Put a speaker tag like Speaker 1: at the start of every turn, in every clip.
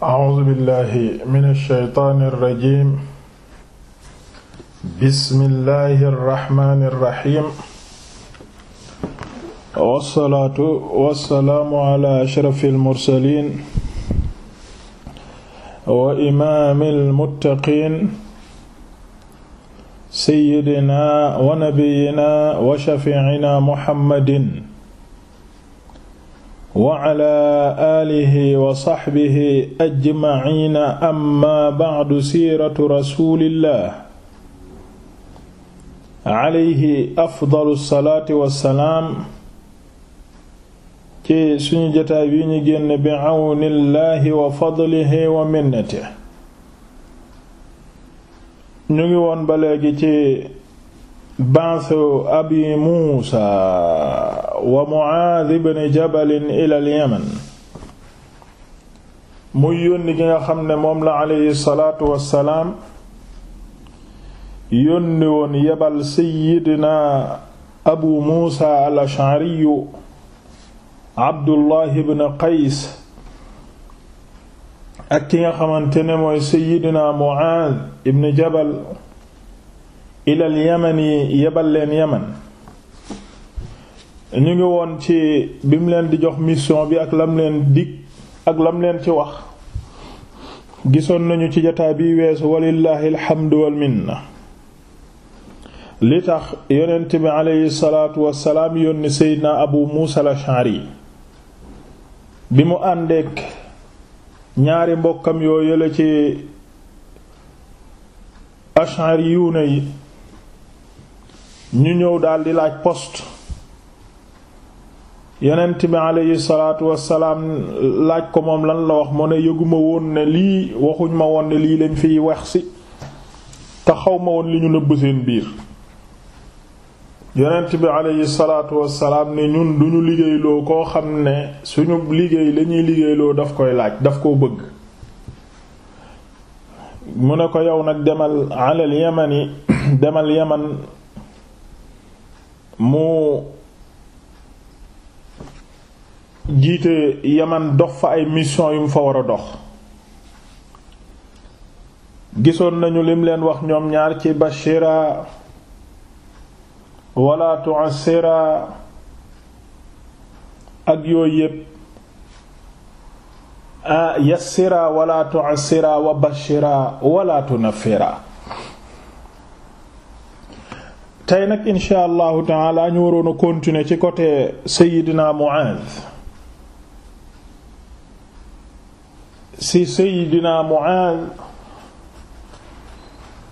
Speaker 1: A'uuzu billaahi mina shaytaani rajiim. Bismillaahi rahmaani rahiim. Wassalaatu wassalaamu alaa ashrafil mursaliin. wa imaamil muttaqiin. Sayyidinaa wa nabiyyinaa wa shafii'inaa Muhammadin. wa cala aalihi wa saxbihi ajmaciina amma bacdu siiratu rasuulillah alayhi afdalu salaati wa salaam ci suñu jotaay wi ñu génn bi cawni llahi wa fadlihi wa minnatihi ñu ngi woon ba léegi ci ba'su abi Muusa wa Mu'aaz ibn Jabal ila al-Yaman muy yónni gi nga xam ne moom la alayhi salaatu wassalaam yónni woon yebal sayyidina abu Muusa al-Ash'ari Abdullah ibn Qays ak ki nga xamante ne mooy sayyidina Mu'aaz ibn Jabal ilal yamani yebal leen yaman ñu ngi woon ci bi mu leen di jox mission bi ak lam leen dig ak lam leen ci wax gisoon nañu ci jataa bi weesu walillahi alhamdu wal li tax yonent bi aleyhi salaatu wassalaam yónni seydina abu muusa al-Ash'ari bi mu àndeek ñaari mbokkam yoo yële ci Ash'ariyuuna yi ñu ñëw daldi laaj poste yonent bi aleyhi salaatu wassalaam laaj ko moom lan la wax mu ne yëguma woon ne lii waxuñ ma woon ne lii lañ fiy wax si te xaw ma woon li ñu nëbb seen biir yonent bi aleyhi salaatu wassalaam ne ñun duñu liggéeyloo koo xam ne suñu liggéey lañuy liggéeyloo daf koy laaj daf koo bëgg mu ne ko yow nag demal alal yamani demal yaman mu jiite yaman dox fa ay mission yu fa war a dox gisoon nañu lim leen wax ñoom ñaar ci bashira wala tu'assira ak yooyu yépp ah, yassira wala tu'assira wa bashira wala tunafira tey nag insha allahu taala ñu waroon a continuer ci côté Seydina Mu'aaz si Seydina Mu'aaz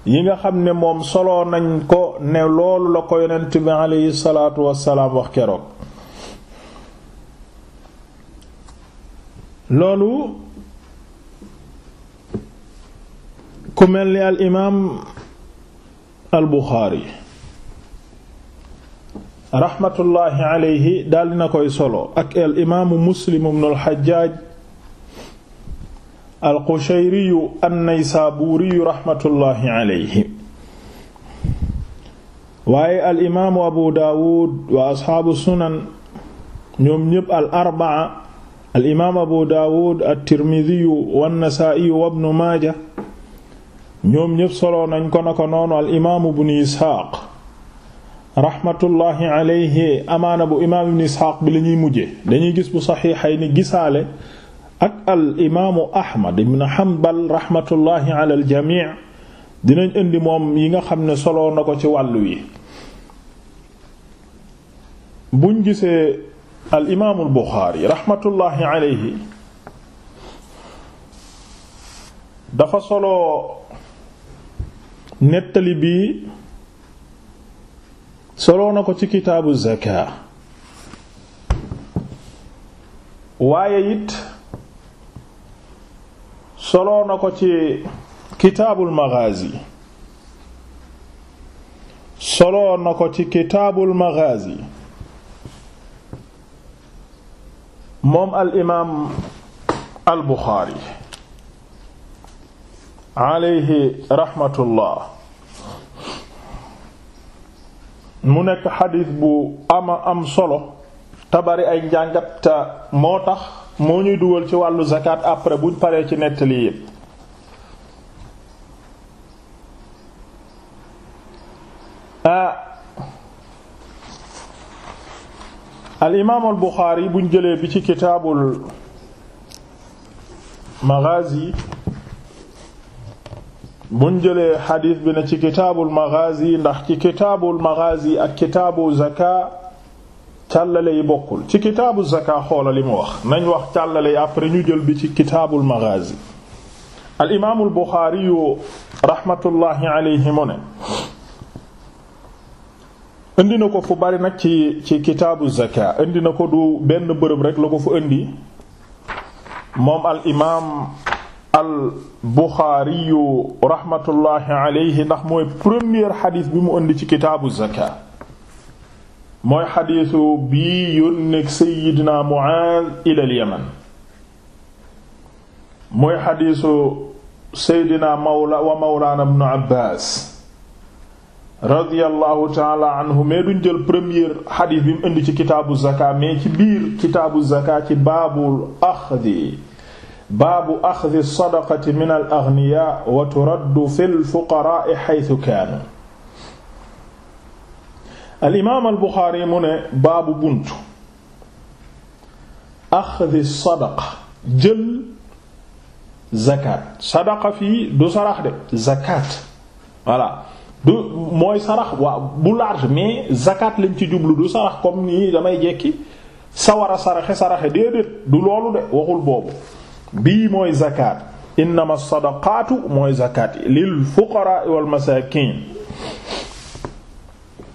Speaker 1: yi nga xam ne moom solo nañ ko ne loolu la ko yonent bi aleyhi salaatu wassalaam wax keroog loolu ku mel ni al imaam al Buxaari raxmatullaahi alayhi daal dina koy solo ak al imaamu muslim ibn al xajjaaj al qushayriyu an naysaabuuriyu raxmatullaahi alayhi waaye al imaamu abu daawud wa abu daawud al tirmidiyu wa nasaa'iyu wa ibnu maaja ñoom ñépp solo nañ ko na ko noonu al rahmatullahi amaana bu imaam ibn isxaaq bi la ñuy mujjee dañuy gis bu saxiixay ni gisaale ak al imaamu ahmad ibn hanbal rahmatullahi ala al jamii dinañ indi moom yi nga xam ne solo na ko ci wàllu yi buñ gisee al imaamul buxaari rahmatullahi alayhi dafa solo nettali bi soloo na ko ci kitaabu zaka waaye it soloo na ko ci kitaabul maghazi soloo na ko ci kitaabul maghazi moom al imaam al buxaari alayhi rahmatullah mu nekk xadis bu ama am solo tabari ay njàngat moo tax moo ñuy dugal ci wàllu zakat après buñ paree ci nettali yi ah al imaam al Buxaari buñ jëlee bi ci kitaabul maghazi buñ jëlee xadiis bi ne ci kitaabul maghazi ndax ci kitaabul maghazi ak kitaabu zaka càllale yi bokkul ci kitaabu zaka xoola li mu wax nañ wax càllale yi après ñu jël bi ci kitaabul maghazi al imaamul buxaari yu rahmatullahi alayhi mu ne indi na ko fu bari nag ci ci kitaabu zaka indi na ko du benn bërëb rek la ko fu indi moom al al Buxaariyu rahmatullahi alayhi ndax mooy premier xadis bi mu indi ci kitaabu zaka mooy xadisu bii yónneeg Seyyidina Muaaz ilal Yaman mooy xadisu Seydina Mawla wa Mawlaana Ibnu Abbaas radiyallahu taala anhu mais duñ jël premier xadis bi mu indi ci kitaabu zaka mais ci biir kitaabu zaka ci baabul axdi baabu axdi sadaqati min al aghniyaa wa turaddu fil fuqaraa'i haythu kaanu. al imaam al buxaari mu ne baabu buntu. axdi sadaqa jël zakat sadaqa fii du sarax de zakat voilà du mooy sarax waa bu large mais zakat lañ ci jublu du sarax comme nii damay jekki sawar a saraxe saraxe déedéet du loolu de waxul boobu. bii mooy zakat innama sadaqaatu mooy zakat lil fuqaraa wal masaakiin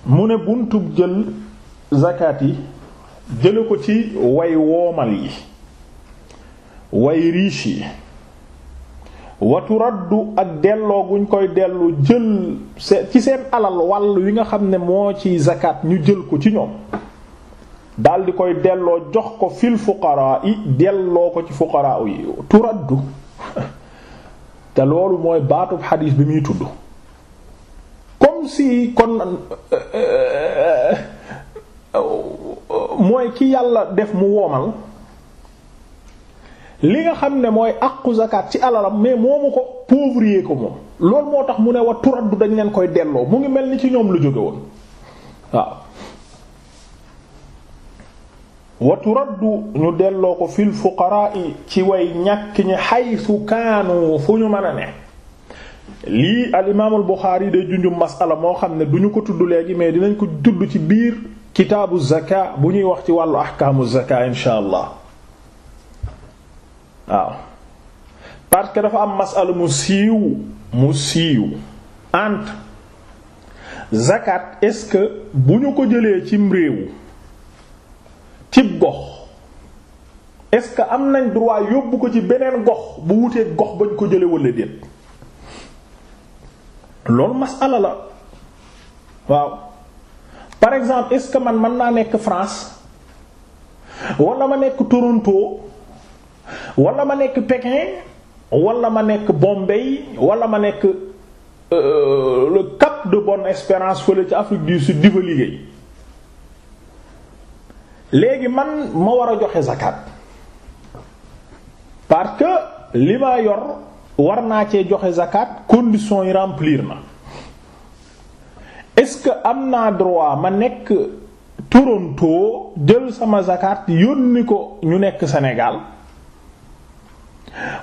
Speaker 1: mu ne buntub jël zakat yi jële ko ci way woomal yi way riche yi watu raddu ak delloo guñ koy dellu jël ci seen alal wàll wi nga xam ne moo ci zakat ñu jël ko ci ñoom daal di koy delloo jox ko fil fuqaraa yi delloo ko ci fuqaraa yi turaddu te loolu mooy baatub xadiis bi muy tudd comme si kon euh, euh, mooy ki yàlla def mu woomal li nga xam ne mooy àqu zakat ci alalam mais moomu ko pauvrier ko moom loolu moo tax mu ne wa turaddu dañ leen koy delloo mu ngi mel ni ci ñoom lu jóge woon waaw wa turaddu ñu delloo ko fil fuqaraa'i ci way ñàkk ñi xaytu kaanu fu ñu mën a ne lii al imaamul Buxaari day junjum masala moo xam ne du ñu ko tudd léegi mais dinañ ko tudd ci biir kitaabu zaka bu ñuy wax ci wàllu ahkaamu zaka insha allah waaw parce que dafa am masala mu siiw mu siiw ant zakat est-ce que bu ñu ko jëlee cim réew cib gox est-ce que am nañ droit yóbbu ko ci beneen gox bu wutee gox bañ ko jëlee walla déet loolu masala la waaw par exemple est-ce que man man naa nekk France walla ma nekk Toronto walla ma nekk Pékin walla ma nekk Bombay walla ma nekk euh, le Cap de Bonne-Espérance fële ci Afrique du Sud di fa liggéey léegi man ma war a joxe zakat parce que li ma yor war naa cee joxe zakat conditions yi remplir na est-ce que am na droit ma nekk Toronto jël sama zakat yónni ko ñu nekk Sénégal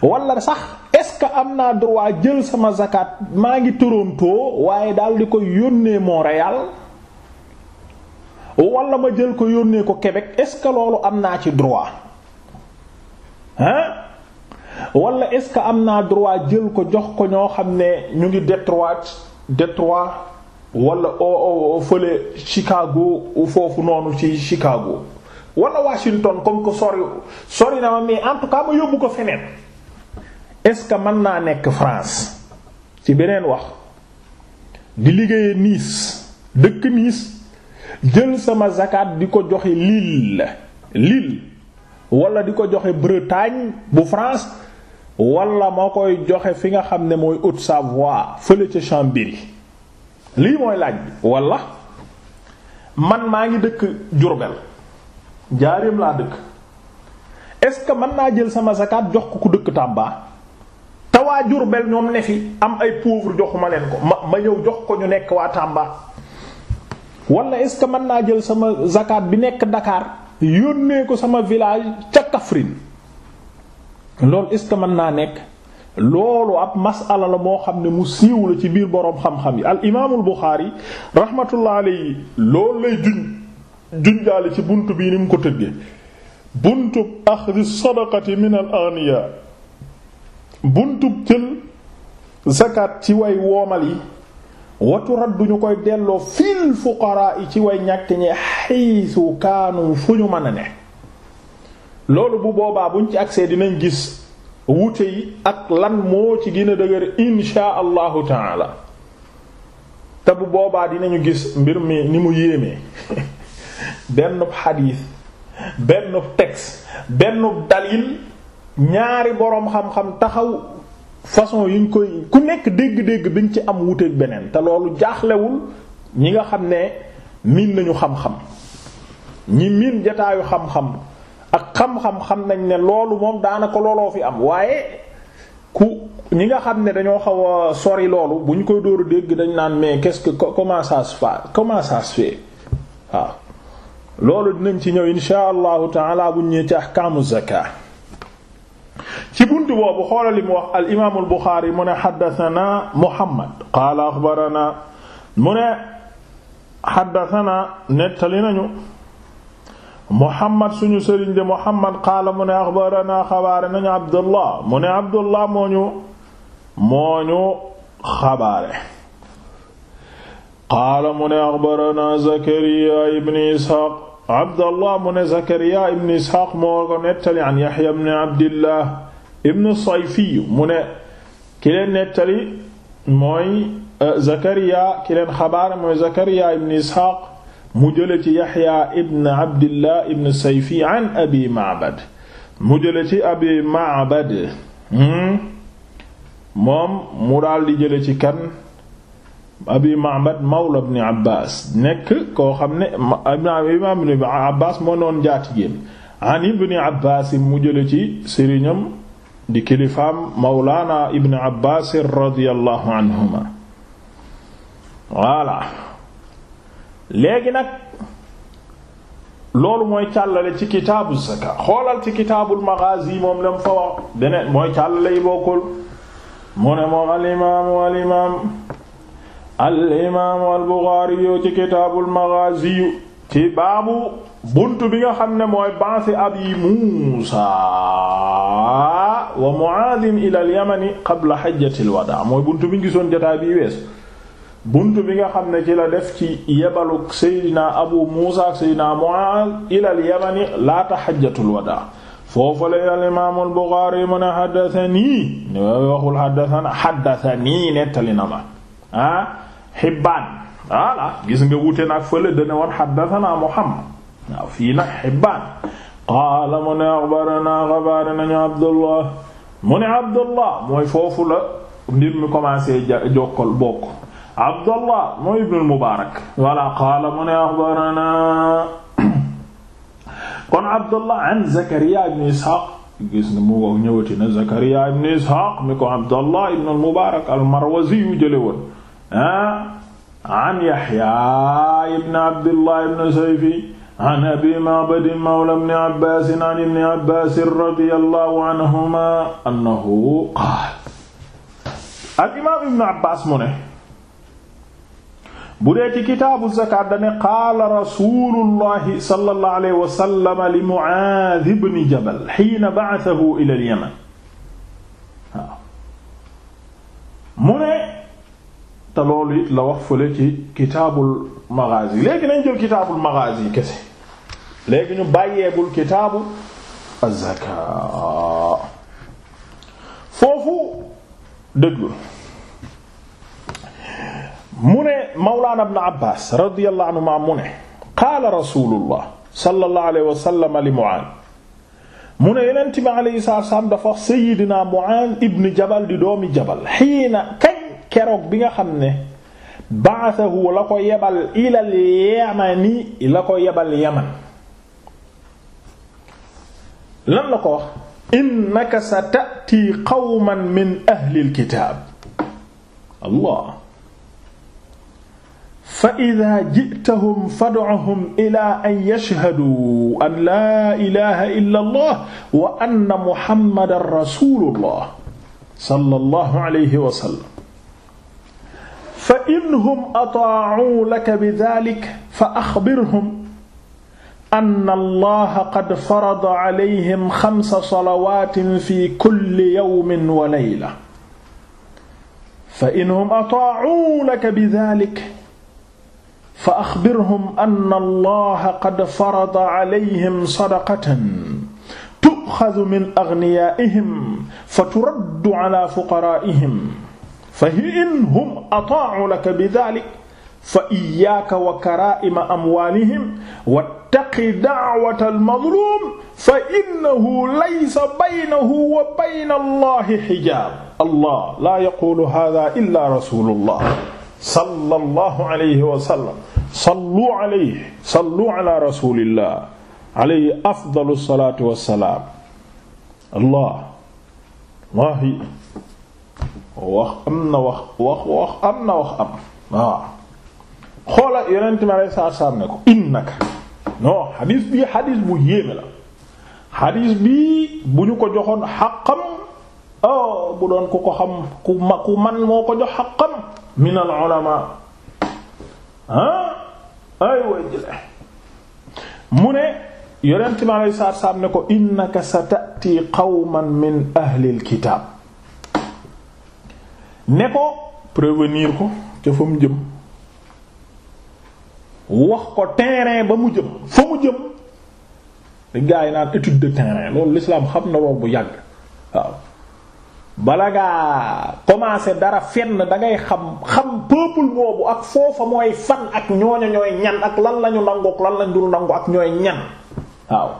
Speaker 1: wala sax est-ce que am naa droit jël sama zakat maa ngi Toronto waaye daal di ko yónnee Montréal wala ma jël ko yónnee ko Québec est ce que loolu am naa ci droit hein wala est ce que am naa droit jël ko jox ko ñoo xam ne ñu ngi Détroit Détroit wala o fële Chicago foofu noonu ci Chicago wala Washington comme que sori sori na ma mais en tout cas ma yóbbu ko feneen est ce que mën naa nekk France ci beneen wax di liggéeyee Nice dëkk Nice. jël sama zakat di ko joxe lii Lille wala di ko joxe Bretagne bu France wala moo koy joxe fi nga xam ne mooy Haute-Savoie fële ca Chambéry lii mooy laaj bi wala man maa ngi dëkk Diourbel jaareem laa dëkk est-ce que mën naa jël sama zakat jox ko ku dëkk Tamba te waa Diourbel ñoom ne fi am ay pauvre joxuma leen ko ma ma ñëw jox ko ñu nekk waa Tamba. wala est-ce que mën naa jël sama zakat bi nekk dakaar yónnee ko sama village ca Kaffrine loolu est-ce que mën naa nekk loolu ab masala la moo xam ne mu siiw la ci biir boroom xam-xam yi al imaamul Buxaari rahmatullah alayhi loolu lay juñ junjaale ci bunt bii ni mu ko tëggee buntub axdi sadaqati min al aghniya buntub jël zakat ci way woomal yi watu raddu ñu koy delloo fil fuqaraa yi ci way ñàkk ñi xaysu kaanu fu ñu mën a ne loolu bu boobaa buñ ci agsee dinañ gis wute yi ak lan moo ci gën a dëgër inshaa allahu taala te bu boobaa dinañu gis mbir mi ni mu yéemee benn xadiis benn texte benn dalil ñaari boroom xam-xam taxaw façon yi ñu koy ku nekk dégg-dégg bi ñu ci am wuteeg beneen te loolu jaaxlewul ñi nga xam ne miin nañu xam-xam ñi miin jataayu xam-xam ak xam-xam xam nañ ne loolu moom daanaka looloo fi am waaye ku ñi nga xam ne dañoo xaw a sori loolu bu ñu koy dóoru dégg dañ naan mais qu'est-ce que comment ça fait comment fait waaw loolu dinañ ci ñëw insha allahu taala buñ ñëwee ci ahkaamu zakat ci buntu boobu xoolal li mu wax al imaamul Buxaari mu ne xaddasanaa Muhammad qaala axbaranaa mu ne xaddasanaa nettali nañu Muhammad suñu sëriñ de Muhammad qaala mu ne axbaranaa xabaare nañu Abdullah mu ne Abdullah moo ñu moo ñu xabaare qaala mu ne axbaranaa Zakariya ibn Isxaaq abdallah mu ne zakariya ibn isxaaq moo ko nettali an yaxya ibn abdillah ibn sayfiyu mu ne ki leen nettali mooy euh, zakariya ki leen xabaar mooy zakariya ibn isxaaq mu jële ci yaxya ibn abdillah ibn sayfi an abi maabad mu jële ci abi maabad hmm? moom mu daal di jële ci kan abi Ma'bad mawla ibn Abbas nekk koo xam ne imaam ibn Abbas moo noon njaatigéen an ibn Abbas mu jële ci sëriñam di kilifaam mawlaana ibn Abbas radiyallahu anhuma voilà léegi nag loolu mooy càllale ci kitaabu zaka xoolal ci kitaabul maghazi moom lam fa wax beneen mooy càllale yi bokkul mu ne moom al imaam al imaam al imaamu al buxaari yu ci kitaabul maghaazi ci baabu bunt bi nga xam ne mooy baasi abi muusa wa muaadin ila al yamani qabla xajjatil wadaa mooy bunt bi gisoon jotaay bi weesu bunt bi nga xam ne ci la def ci yebaluk seydina abu muusa ak seydina muaad ila al yamani laata xajjatul wadaa foofu la al imaamu al buxaari mu ne xaddasanii ne waxul xaddasana xaddasanii nettali na ma ah Hibbaan voilà gis nga wuute nag fële dana woon haddathana Muhammad waaw fii nag Hibbaan qaala mu ne axbaranaa xabaaranañu Abdullah mu ne Abdullah mooy foofu la mbir mi commencé jokkal bokk Abdullah mooy ibnul Mubaarak voilà qaala mu ne axbaranaa kon Abdullah an Zakariya ibn Ishaq gis na mu ngo ñëwati na Zakariya ibn Ishaq mi ko Abdullah ibn al-Mubarak al-Marwazi yu jële woon ah an Yahya ibn Abdullah ibn Sayfi an Abi Ma'bad mawla ibn Abbas an ibn Abbas radiyallahu anhuma annahu qaal al imaam ibn Abbas mu ne bu dee ci kitaabu zakaat dane qaala rasulullahi sallallahu alayhi wa sallam li Mu'aaz ibn Jabal hiina ba'athahu ila al-Yaman mu ne te loolu it la wax fële ci kitaabul maghazi léegi nañ jël kitaabul maghazi kese léegi ñu bàyyeebul kitaabu az-zakaa foofu déglu mu ne mawlaana ibn abbaas radiyallahu anhuma mu ne qaala rasulullah sallallahu alayhi wa sallam li mu'aaz mu ne yonent bi alayhi salaam dafa wax sayyidina mu'aaz ibn jabal di doomi jabal hiina keroog bi nga xam ne ba'athahu la ko yebal ilal yamani la ko yebal yaman lan la ko wax innaka sa tati qawman min ahlil kitaab allah fa ida jitahum fad'uhum ila an yashhadu an laa ilaha illa allah wa anna muhammadan rasulullah sallallahu alayhi wa sallam fa inhum ataa'uu laka bi daalika fa axbirhum anna Allaha qad farada alayhim xamsa salawaatin fi kulli yawmin wa layla fa inhum ataa'uu laka bi daalika fa axbirhum anna Allaha qad farada alayhim sadaqatan tu'xazu min agniyaa'ihim fa turaddu alaa fuqaraa'ihim fa in hum ataa'u laka bi dhalik fa iyyaaka wa karaa'ima amwaalihim wattaqi da'wata al-mazluum fa innahu laysa baynahu wa bayna Allahi hijaab. Allah laa yaqulu haadha illaa rasuulullah sallallahu alayhi wa sallam sallu alayhi sallu ala rasulillah alayhi afdalu salaatu wa salaam. Allah. wax am na wax wax wax am na wax am waaw xoola yonent mi alay saam ne ko innaka non xadiis bii xadiis bu yéeme la xadiis bii bu ñu ko joxoon xaqam oh bu doon ku ko xam ku man moo ko jox xaqam min al ulama ah ay mu ne yonent mi alay saa saam ne ko innaka satati qawman min ahlil kitaab ne ko prévenir ko ca fa mu jëm wax ko terrain ba mu jëm fa mu jëm li gars yi naan étude de terrain loolu lislaam xam na lool bu yàgg waaw bala ngaa commencer dara fenn da ngay xam xam peuple boobu ak foofa mooy fan ak ñooña ñooy ñan ak lan lañu nangu lan lañ dul nangu ak ñooy ñan waaw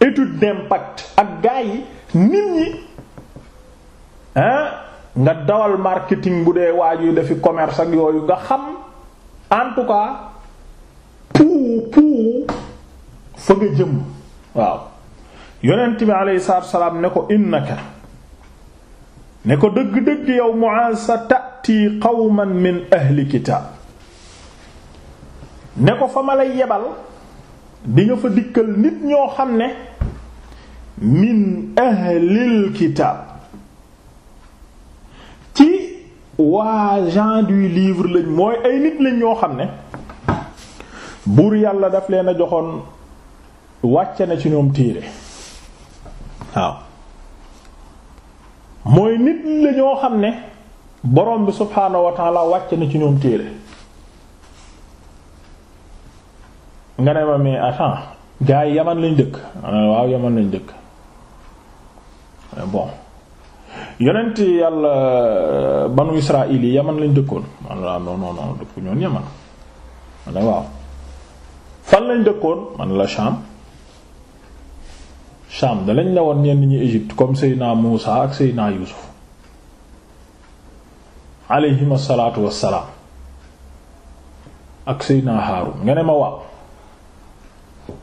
Speaker 1: étude d'impact ak gars yi nit ñi nga dawal marketing bu dee waaj yu dafi commerce ak yooyu nga xam en tout cas pou pou fa nga jëm waaw yonent bi alayhi salaatu ne ko innaka ne ko dëgg-dëgg yow Mu'aaz sa tati qawman min ahli kitaab ne ko fa ma lay yebal di nga fa dikkal nit ñoo xam ne min ahlil kitaab ci waa gens du livre lañ mooy ay nit lañ ñoo xam ne buur yàlla daf leen a joxoon wàcce na ci ñoom téere waaw mooy nit la xam ne borom bi subhaanahu wa wàcce na ci ñoom téere nga ne ma mais attends gars yi yaman lañ dëkk waaw yaman lañ dëkk bon yonent yàlla banu israil yi yaman lañ dëkkoon man la non non non dëkku ñoon yaman ma waaw fan lañ dëkkoon man la Sham Sham da lañ woon ñenn ñu Égypte comme Seydina Muusa ak Seydina Yuusuf alayhim asalaatu wassalaam ak Seydina Haarun nga ne ma waaw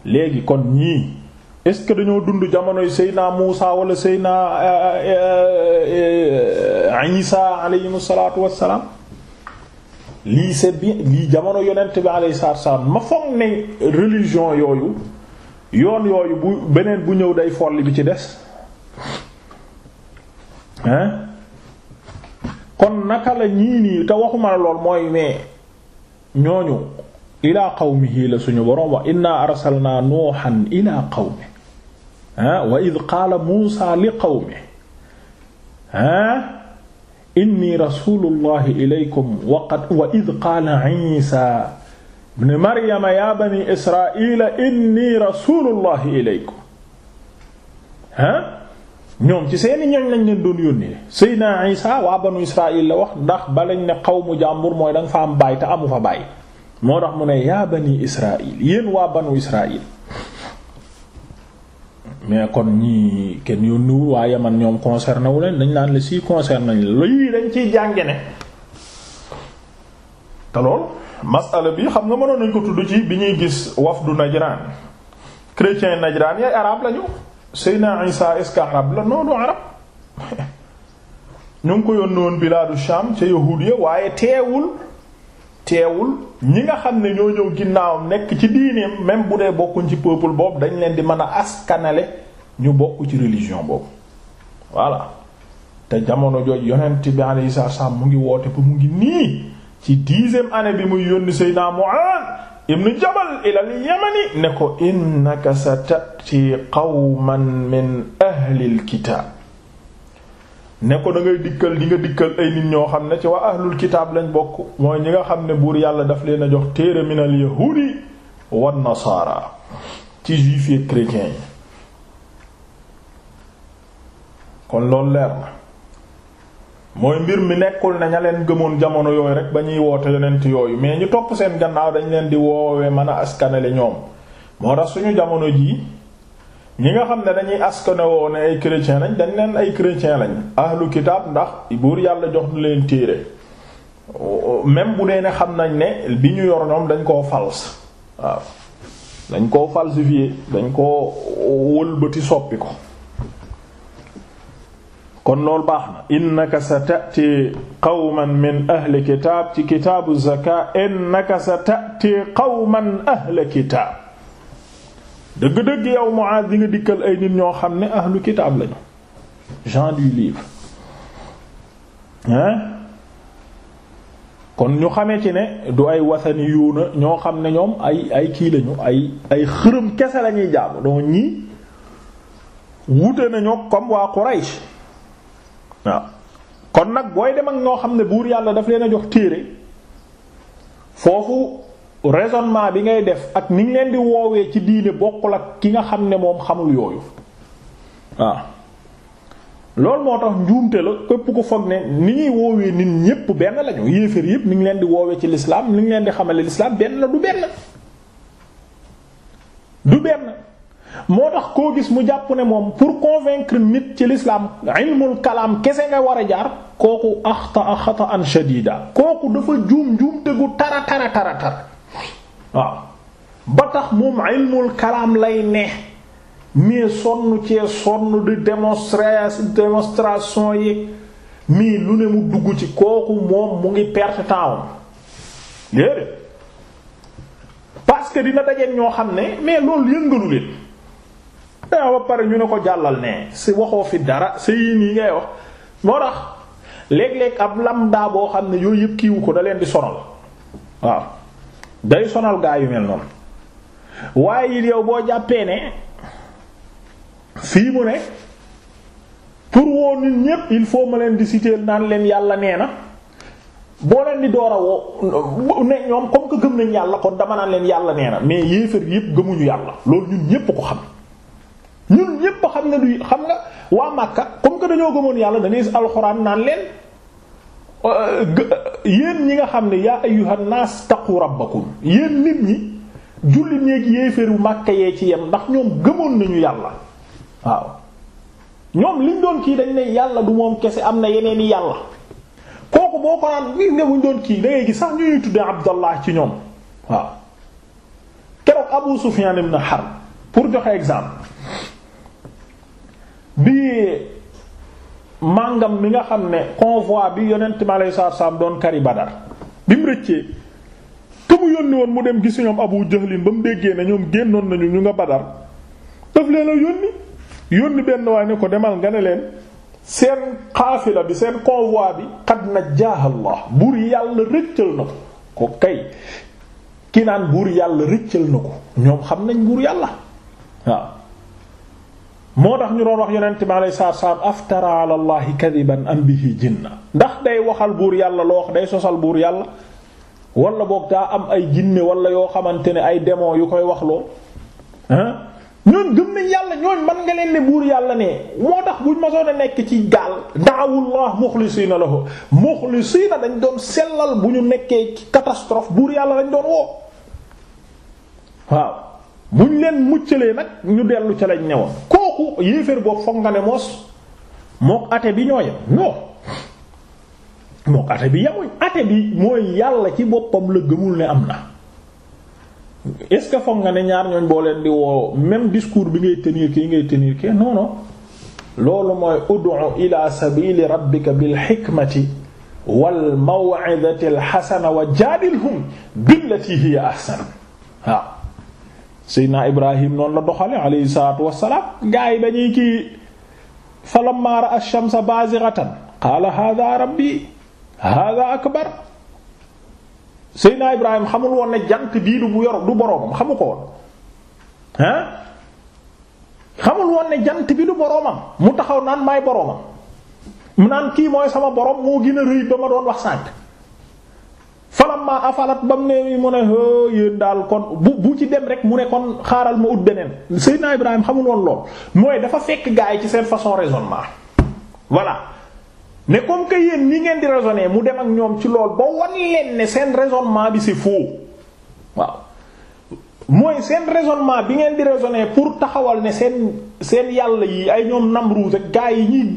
Speaker 1: léegi kon ñii est-ce que dañoo dund jamonoy Seydina Muusa wala Seydina euh, euh, euh, Isa alayhi salaatu wassalaam lii c'est bien lii jamono yonent bi alayhi salaatu wassalaam ma foog ne religion yooyu yoon yooyu bu beneen bu ñëw day folli bi ci des hein kon naka la ñii nii te waxuma la lool mooy mais ñooñu ilaa qawmihi la suñu boroom inna arsalna nuuhan ilaa qawmihi wa id qaala muusa li qawmi inni rasulullahi ilaykum waqad wa id qaala isa ibn maryama ya bani israila inni rasulullahi ilaykum ah ñoom ci seeni ñoñ lañ leen doon yónnee Seydina Isa waa banu Israil la wax ndax ba lañ ne xawmu jàmbur mooy da nga fa am baay te amu fa baay moo tax mu ne yaa bani Israil yéen waa banu Israil mais kon ñii kenn yónniwul waaye Yaman ñoom concerné wu leen dañ naan la si concerné nañ la lii dañ te lool masala bi xam nga mënoon nañ ko tudd ci bi ñuy gis wafdu Najran chrétien Najran yaay arab lañu Seyna Isa est arab la non du arab ñu ngi ko yónni woon bilaadu Sham ca yahuud ya waaye teewul teewul ñi nga xam ne ñoo ñëw ginnaawam nekk ci diineem même bu dee bokkuñ ci peuple boobu dañ leen di mën a askanale ñu bokk ci religion boobu voilà te jamono jooj yonent bi alayhi salaam mu ngi woote ba mu ngi nii ci dixième année bi muy yónni Seydina Mu'aad ibn Jabal ilal yamani ne ko innaka satati qawman min ahlil kitaab ne ko da ngay dikkal di nga dikkal ay nit ñoo xam ne ci waa ahlul kitaab lañ bokk mooy ñi nga xam ne buur yàlla daf leen a jox téere minal yahuudi wan nasaara ci juif yi chrétien yi kon loolu leer na mooy mbir mi nekkul na ña leen gëmoon jamono yooyu rek ba ñuy woote yonent yooyu mais ñu topp seen gannaaw dañ leen di woowee mën a askanale ñoom moo tax suñu jamono jii ñi nga xam ne dañuy askanewoo ne ay chrétien lañ dañ neen ay chrétien lañ ahlu kitaab ndax buur yàlla jox na leen téere même bu dee ne xam nañ ne bi ñu yor ñoom dañ koo fals waaw dañ koo falsifié dañ koo wëlbati soppi ko kon loolu baax na innaka sa tati qawman min ahli kitaab ci kitaabu zaka innaka sa tati qawman ahli kitaab dëgg-dëgg yow Muaaz di nga dikkal ay nit ñoo xam ne ahlu kitaab lañu gens du livre hein kon ñu xamee ci ne du ay wasani yuuna ñoo xam ne ñoom ay ay kii lañu ay ay xërëm kese lañuy jaamu donc ñii wute nañoo comme waa Quraysh waaw kon nag booy dem ak ñoo xam ne buur yàlla daf leen a jox téere foofu raisonnement bi ngay def ak ni ngi leen di woowee ci diine bokkul ak ki nga xam ne moom xamul yooyu waaw loolu moo tax njuumte la képp ku foog ne ni ñuy woowee nit ñépp benn lañu yéeféer yépp ni ngi leen di woowee ci lislaam ni ngi leen di xamale lislaam benn la du benn du benn moo tax koo gis mu jàpp ne moom pour convaincre nit ci l'islam ilmul kalaam kese nga war a jaar kooku axta xataan shadida kooku dafa juum juum te gu tara tara tara tara waaw ba tax moom ilmul kalaam lay ne mais sonn cee sonn di démonstrer démonstration yi mii lu ne mu dugg ci kooku moom mu ngi perte temps léegi parce que dina dajeen ñoo xam ne mais loolu yëngalu leen daa eh, ba pare ñu ne ko jàllal ne si waxoo fi dara sa yii ngay wax moo tax léeg-léeg ab lam daa boo xam ne yooyu yëpp kiiwu ko da leen di sonal waaw day sonal gaa yu mel noonu waaye it yow boo jàppee ne fii mu ne pour woo nit ñépp il faut ma leen di citer naan leen yàlla nee na boo leen di door a woo ne ñoom comme que gëm nañ yàlla kon dama naan leen yàlla nee na mais yéefar yépp gëmuñu yàlla loolu ñun ñépp ko xam ñun ñépp xam nga du xam nga waa Makka comme que dañoo gëmoon yàlla dañuy alxuraan naan leen. Euh, yéen ñi nga xam ne yaa ayyuhan naas taqu rabbakum yéen nit ñi jullit ñeeg yéeféeru Makka yee ci yem ndax ñoom gëmoon nañu yàlla waaw ñoom liñ doon kii dañ ne yàlla du moom kese am na yeneen i yàlla kooku boo ko naan gis nga buñ doon kii da ngay gis sax ñuy tuddee Abdallah ci ñoom waaw keroog Abu Sufyan ibn Harb pour joxe exemple bi màngam mi nga xam ne convoi bi yonent mi alayhi salaatu salaam doon kari Badar bi mu rëccee te yónni woon mu dem gis ñoom Abu Jahlin ba mu déggee ne ñoom génnoon nañu ñu nga Badar daf leen a yónni yónni benn waay ne ko demal nga ne leen seen xaafila bi seen convoi bi xad na jaahallah buur yàlla rëccal na ko ko kay ki naan buur yàlla rëccal na ko ñoom xam nañ buur yàlla waaw moo tax ñu doon wax yonent bi alayhi salaatu salaam aftara ala allahi kadiban am bihi jinna ndax day waxal buur yàlla loo wax day sosal buur yàlla walla boog daa am ay jinne walla yoo xamante ne ay démon yu koy wax loo ah ñoon gëm nañ yàlla ñooñ man nga leen buur yàlla ne moo tax buñ masoon a nekk ci gaal daawullah muxlisiina lahu muxlisiina dañ doon sellal bu ñu nekkee ci catastrophe buur yàlla dañ doon woo buñ leen muccalee nag ñu dellu ca lañ ñëwoon kooku yéeféer boobu foog nga ne moos mook ate bi ñoo yem mook ate bi yemuñ ate bi mooy yàlla ci boppam la gëmul ne am na est-ce que foog nga ne ñaar ñooñ boo leen di woo même discours bi ngay tenir kii ngay tenir kii non non loolu mooy ud'u ila sabili rabbika bil hikmati wal maw'izati al hasana wa jaadilhum billati seydna ibrahim noonu la doxale alayhi salaatu wassalaam gaa yi dañuy kii falammaa ra'a ash-shamsa baazighatan qaala haadaa rabbi haadaa akbar seydna ibrahim xamul woon ne jant bii du bu boroomam xamu ko woon ah xamul woon ne jant bi du boroomam mu taxaw naan maay boroomam naan kii mooy sama boroom moo gën a rëy ba ma doon wax sànk falamma afalat ba mu ne mu ne yéen daal kon bu bu ci dem rek mu ne kon xaaral ma ut beneen Seydina Ibrahim xamul woon lool mooy dafa fekk gaa yi ci seen façon raisonnement voilà ne comme que yéen ni ngeen di raisonner mu dem ak ñoom ci lool ba wan leen ne seen raisonnement bi si faux waaw mooy seen raisonnement bi ngeen di raisonner pour taxawal ne seen seen yàlla yi ay ñoom nam ak gaa yi ñuy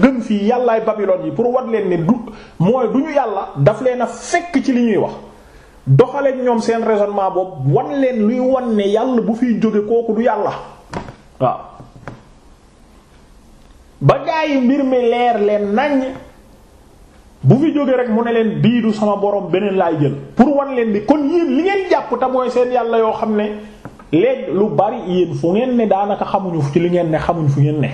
Speaker 1: gën fii yàllaay Babylone yi pour wat leen ne du mooy du ñu yàlla daf leen a fekk ci li ñuy wax doxaleek ñoom seen raisonnement boobu wan leen luy wan ne yàlla bu fiy jóge kooku du yàlla waaw ba gaa yi mbir mi leer leen naññ bu fi jógee rek mu ne leen biiru sama borom beneen laay jël pour wan leen di kon yéen li ngeen jàpp te mooy seen yàlla yoo xam ne léegi lu bari yéen fu ngeen ne daanaka xamuñu fu ci li ngeen ne xamuñ fu ngeen ne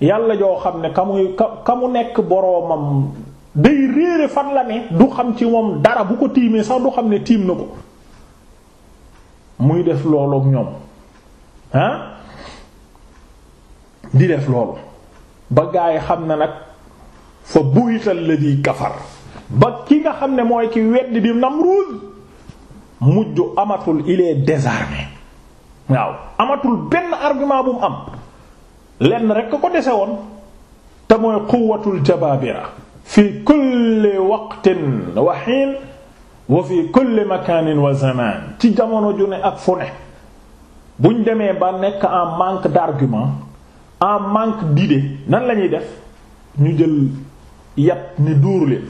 Speaker 1: yàlla joo xam ne ka muy ka mu nekk boromam day réere fan la ne du xam ci moom dara bu ko tiimee sax du xam ne tiim na ko muy def loolu ñoom ah di def loolu ba gaa yi xam na nag. fa buhita alladhi kafar ba ki nga xam ne mooy ki wedd di Namrud mujj amatul il est désarmé waaw amatul benn argument bu mu am lenn rek ko dese woon te mooy quwwatul jabaabira fi kulli waqtin wa wa fi kulli makaanin wa zamaan ci jamono ju ne ak fu ne buñ demee ba nekk en manque d'argument en manque d'idée nan lañuy def ñu jël yat ni dóor leen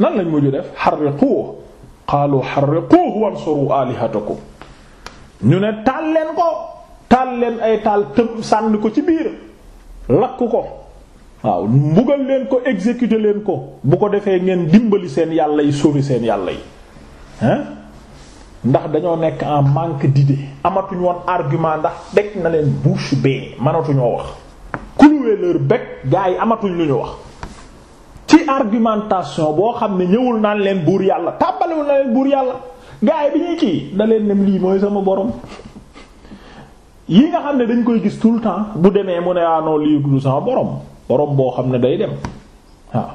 Speaker 1: nan lañ mujju def xarriquuhu qaalu xarriquuhu wansuru ko ñu ne taal leen ko taal leen ay taal tëm sànni ko ci biir lakk ko waaw mbugal leen ko exécuter leen ko bu ko defee ngeen dimbali seen yàlla yi sauver seen yàlla yi hein ndax dañoo nekk en manque d'idée amatuñ woon argument ndax deg na leen bouche bée mënatuñoo wax clouer leur bec yi amatuñ lu ñu wax ci argumentation boo xam ne ñëwul naan leen buur yàlla tàbbaliwul na leen buur yàlla gaay bi ñuy kii daleen leen nem lii mooy sama borom yi nga xam ne dañ koy gis tout le temps bu demee mu ne ah non lii du boo xam ne day dem waaw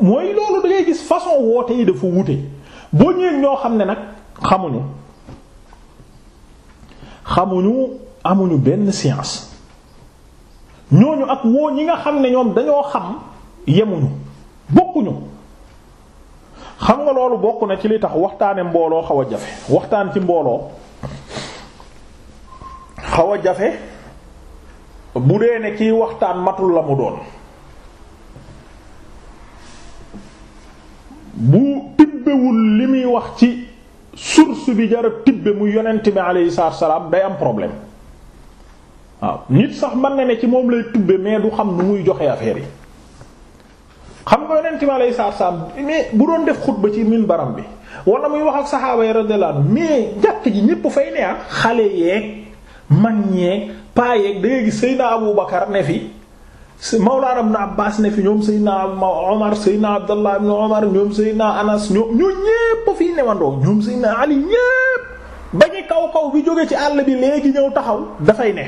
Speaker 1: mooy loolu da ngay gis façon woote yi dafa wute boo ñëwee ñoo xam ne nag xamuñu xamuñu amuñu benn science ñooñu ak woo ñi nga xam ne ñoom dañoo xam. yemuñu bokkuñu xam nga loolu bokk na ci li tax waxtaane mbooloo xaw a jafe waxtaan ci mbooloo xaw a jafe bu dee ne kiy waxtaan matul la mu doon bu tibbewul li muy wax ci source bi jara tibbe mu yonent bi alayhi salaam day am problème waaw nit sax man na ne ci moom lay tibbe mais du xam nu muy joxe affaire yi xam nga yonent bi alayhi salaatu salaam mais bu doon def xutba ci minbaram bi wala muy wax ak saxaaba yi radiyallahu anhu mais jàkk ji ñépp fay ne ah, xale yeeg mag ñeeg paa yeeg da ngay gis Abu Bakar ne fi Mawlaana Ibn Abbaas ne fi ñoom Seydina Omar Seydina Abdallah ibn Omar ñoom Seydina Anas ñoom ñoo ñépp fi newandoo ñoom Seydina Ali ñépp ba ñu kaw kaw bi jóge ci àll bi léegi ñëw taxaw dafay ne.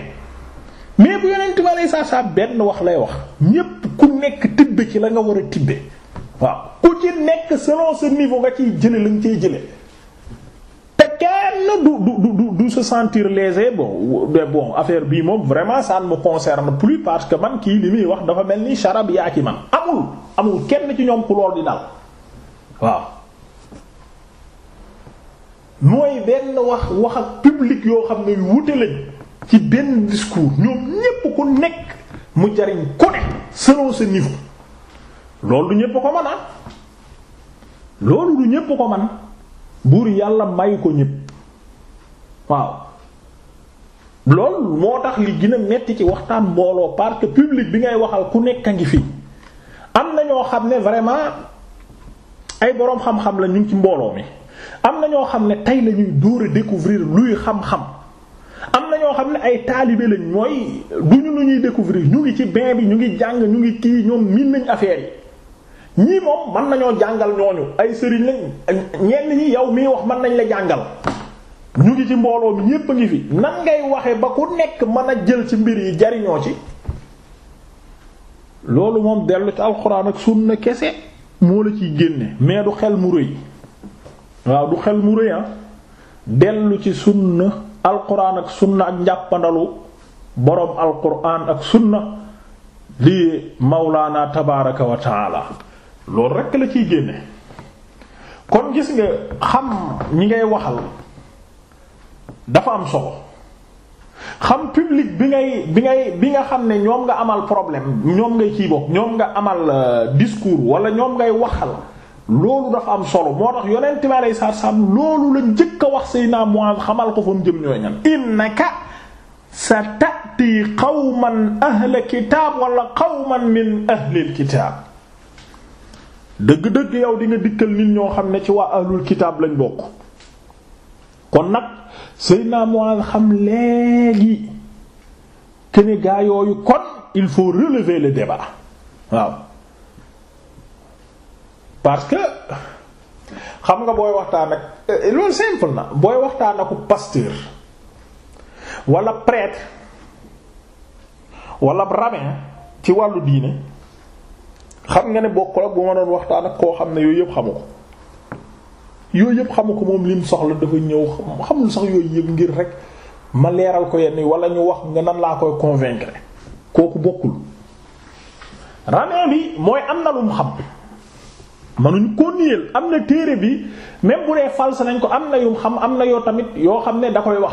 Speaker 1: mais bu yonent bi aleyhi salaatu benn wax lay wax ñépp ku nekk tibbe ci la nga war a tibbe waaw ku ci nekk selon sa niveau nga ciy jële la ciy jële te kenn du du du du se sentir lésé bon bon affaire bii moom vraiment ça ne me concerne plus parce que man kii li muy wax dafa mel ni charab yaa ki man amul amul kenn ci ñoom ku lool di dal waaw mooy benn wax wax ak public yoo xam ne wute lañ ci benn discours ñoom ñépp ku nekk mu jariñ ku ne sa niveau loolu du ñépp ko mën ah loolu du ñépp ko man buur yàlla may ko ñépp waaw lool moo tax li gën a ci waxtaan mbooloo parce que public bi ngay waxal ku nekk a ngi fii am na ñoo xam ne vraiment ay boroom xam-xam la ñu ci mbooloo mi am na ñoo xam ne tey la ñuy dóor luy xam-xam ñoo xam ne ay taalibe lañ mooy duñu lu ñuy découvrir ñu ngi ci bain bi ñu ngi jàng ñu ngi kii ñoom miin nañ affaire yi ñii moom mën nañoo jàngal ñooñu ay sëriñ lañ ñenn ñi yow mii wax man nañ la jàngal ñu ngi ci mbooloo mi ñépp a ngi fi nan ngay waxe ba ku nekk mën a jël ci mbir yi jariñoo ci loolu moom dellu ci alxuraan ak sunna kese moo la ciy génne mais du xel mu rëy waaw du xel mu rëy ah dellu ci sunna alquran ak sunna njàppandalu boroom alquran ak sunna lii mawlaana tabaaraka wa loolu rekk la ciy génne kon gis nga xam ñi ngay waxal dafa am solo xam public bi ngay bi ngay bi nga xam ne ñoom nga amal problème ñoom ngay kii bokk ñoom nga amal euh, discours wala ñoom ngay waxal loolu dafa am solo moo tax yonent bi alayhi salaatu salaam loolu la njëkk wax Seydina Muaaz xamal ko fa mu jëm ñooy ñan innaka sa tati qawman ahla kitaab wala qawman min ahlil kitaab dëgg-dëgg yow di nga dikkal nit ñoo xam ne ci waa ahlul kitaab lañ bokk kon nag Seydina Muaaz xam léegi kene yooyu kon il faut relever le débat waaw parce que xam nga booy waxtaan ak eh, loolu simple na booy waxtaan ak pasteur wala prêtre wala rabbin ci wàllu diine xam nga ne bokkul ak bu ma doon waxtaan ak koo xam ne yooyu yëpp xamu ko yëpp xamu ko moom lim soxla dafa ñëw xamul sax yooyu yëpp ngir rek ma leeral ko yenn wala ñu wax nga nan laa koy convaincre kooku bokkul rabbin bi mooy am na lum xam. manuñ continuer am na téere bi même bu dee false nañ ko am na yum xam am na yoo tamit yoo xam ne da koy wax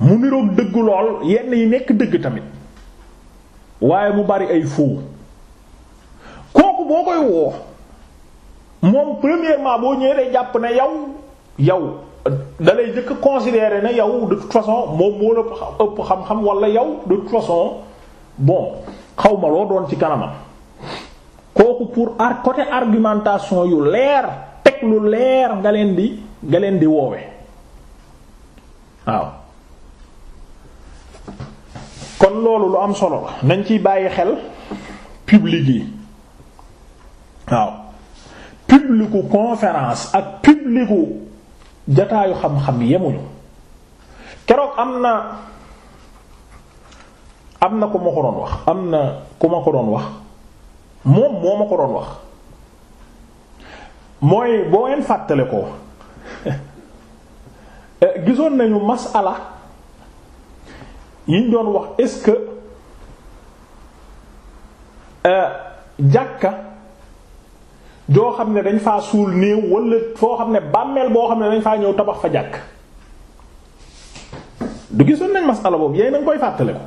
Speaker 1: mu niroog dëgg lool yenn yi nekk dëgg tamit waaye mu bari ay faux kooku boo koy woo moom premièrement boo ñëwee day jàpp ne yow yow da lay jëkk considérer ne yow de toute façon moom moo la xam-xam wala yow de toute façon bon xaw loo doon ci kanamam. kooku pour ar côté argumentation yu leer teg lu leer nga leen di nga leen di woowe waaw kon loolu lu am solo la nañ ciy bàyyi xel public yi waaw publicu conférence ak publicu jataayu xam-xam yemuñu keroog am na am na ku ma ko doon wax am na ku ma ko doon wax moom moo ma ko doon wax mooy boo ngeen fàttale ko eh, gisoon nañu mas ala yiñ doon wax est-ce que eh, jàkka joo xam ne dañ faa suul néew wala foo xam ne bàmmeel boo xam ne dañ faa ñëw tabax fa jàkk du gisoon nañ masala boobu yéen a ngi koy fàttale ko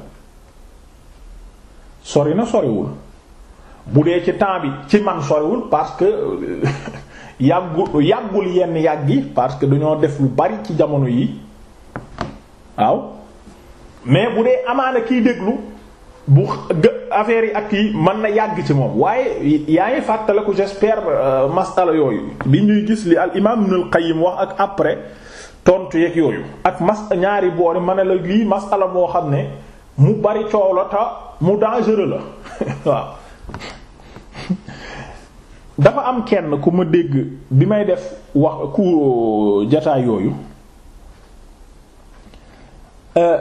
Speaker 1: sori na soriwul bu dee ci temps bi ci man soriwul parce que euh, yàggu yàggul yenn yàgg yi parce que dañoo def lu bari ci jamono yi waaw mais bu dee amaana kiy déglu bu affaire yi ak yi mën na yàgg ci moom waaye yaa ngi fàttaliku j'espère euh, masala yooyu bi ñuy gis li al imam Ibn al wax ak après tontu yeeg yooyu ak mas ñaari boori ma ne la lii masala moo xam ne mu bari coow la mu dangereux la waaw dafa am kenn ku ma dégg bi may def wax ku euh, jataay yooyu euh,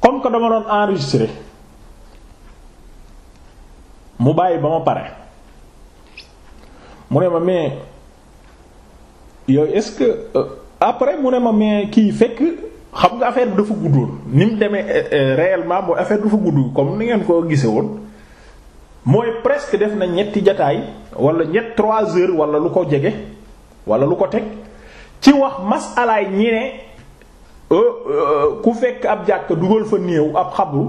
Speaker 1: comme que dama doon enregistrer mu bàyyi ba ma pare mu ne ma mais yooyu est-ce que euh, après mu ne ma mais kii fekk xam nga affaire bi dafa guddoon ni mu demee euh, euh, réellement mooy affaire bi dafa guddu comme ni ngeen ko gise woon mooy presque def na ñetti jataay walla ñett trois heures wala lu ko jege wala lu ko teg ci wax masalaay ñi ne euh, ku fekk ab jàkk dugal fa néew ab xabru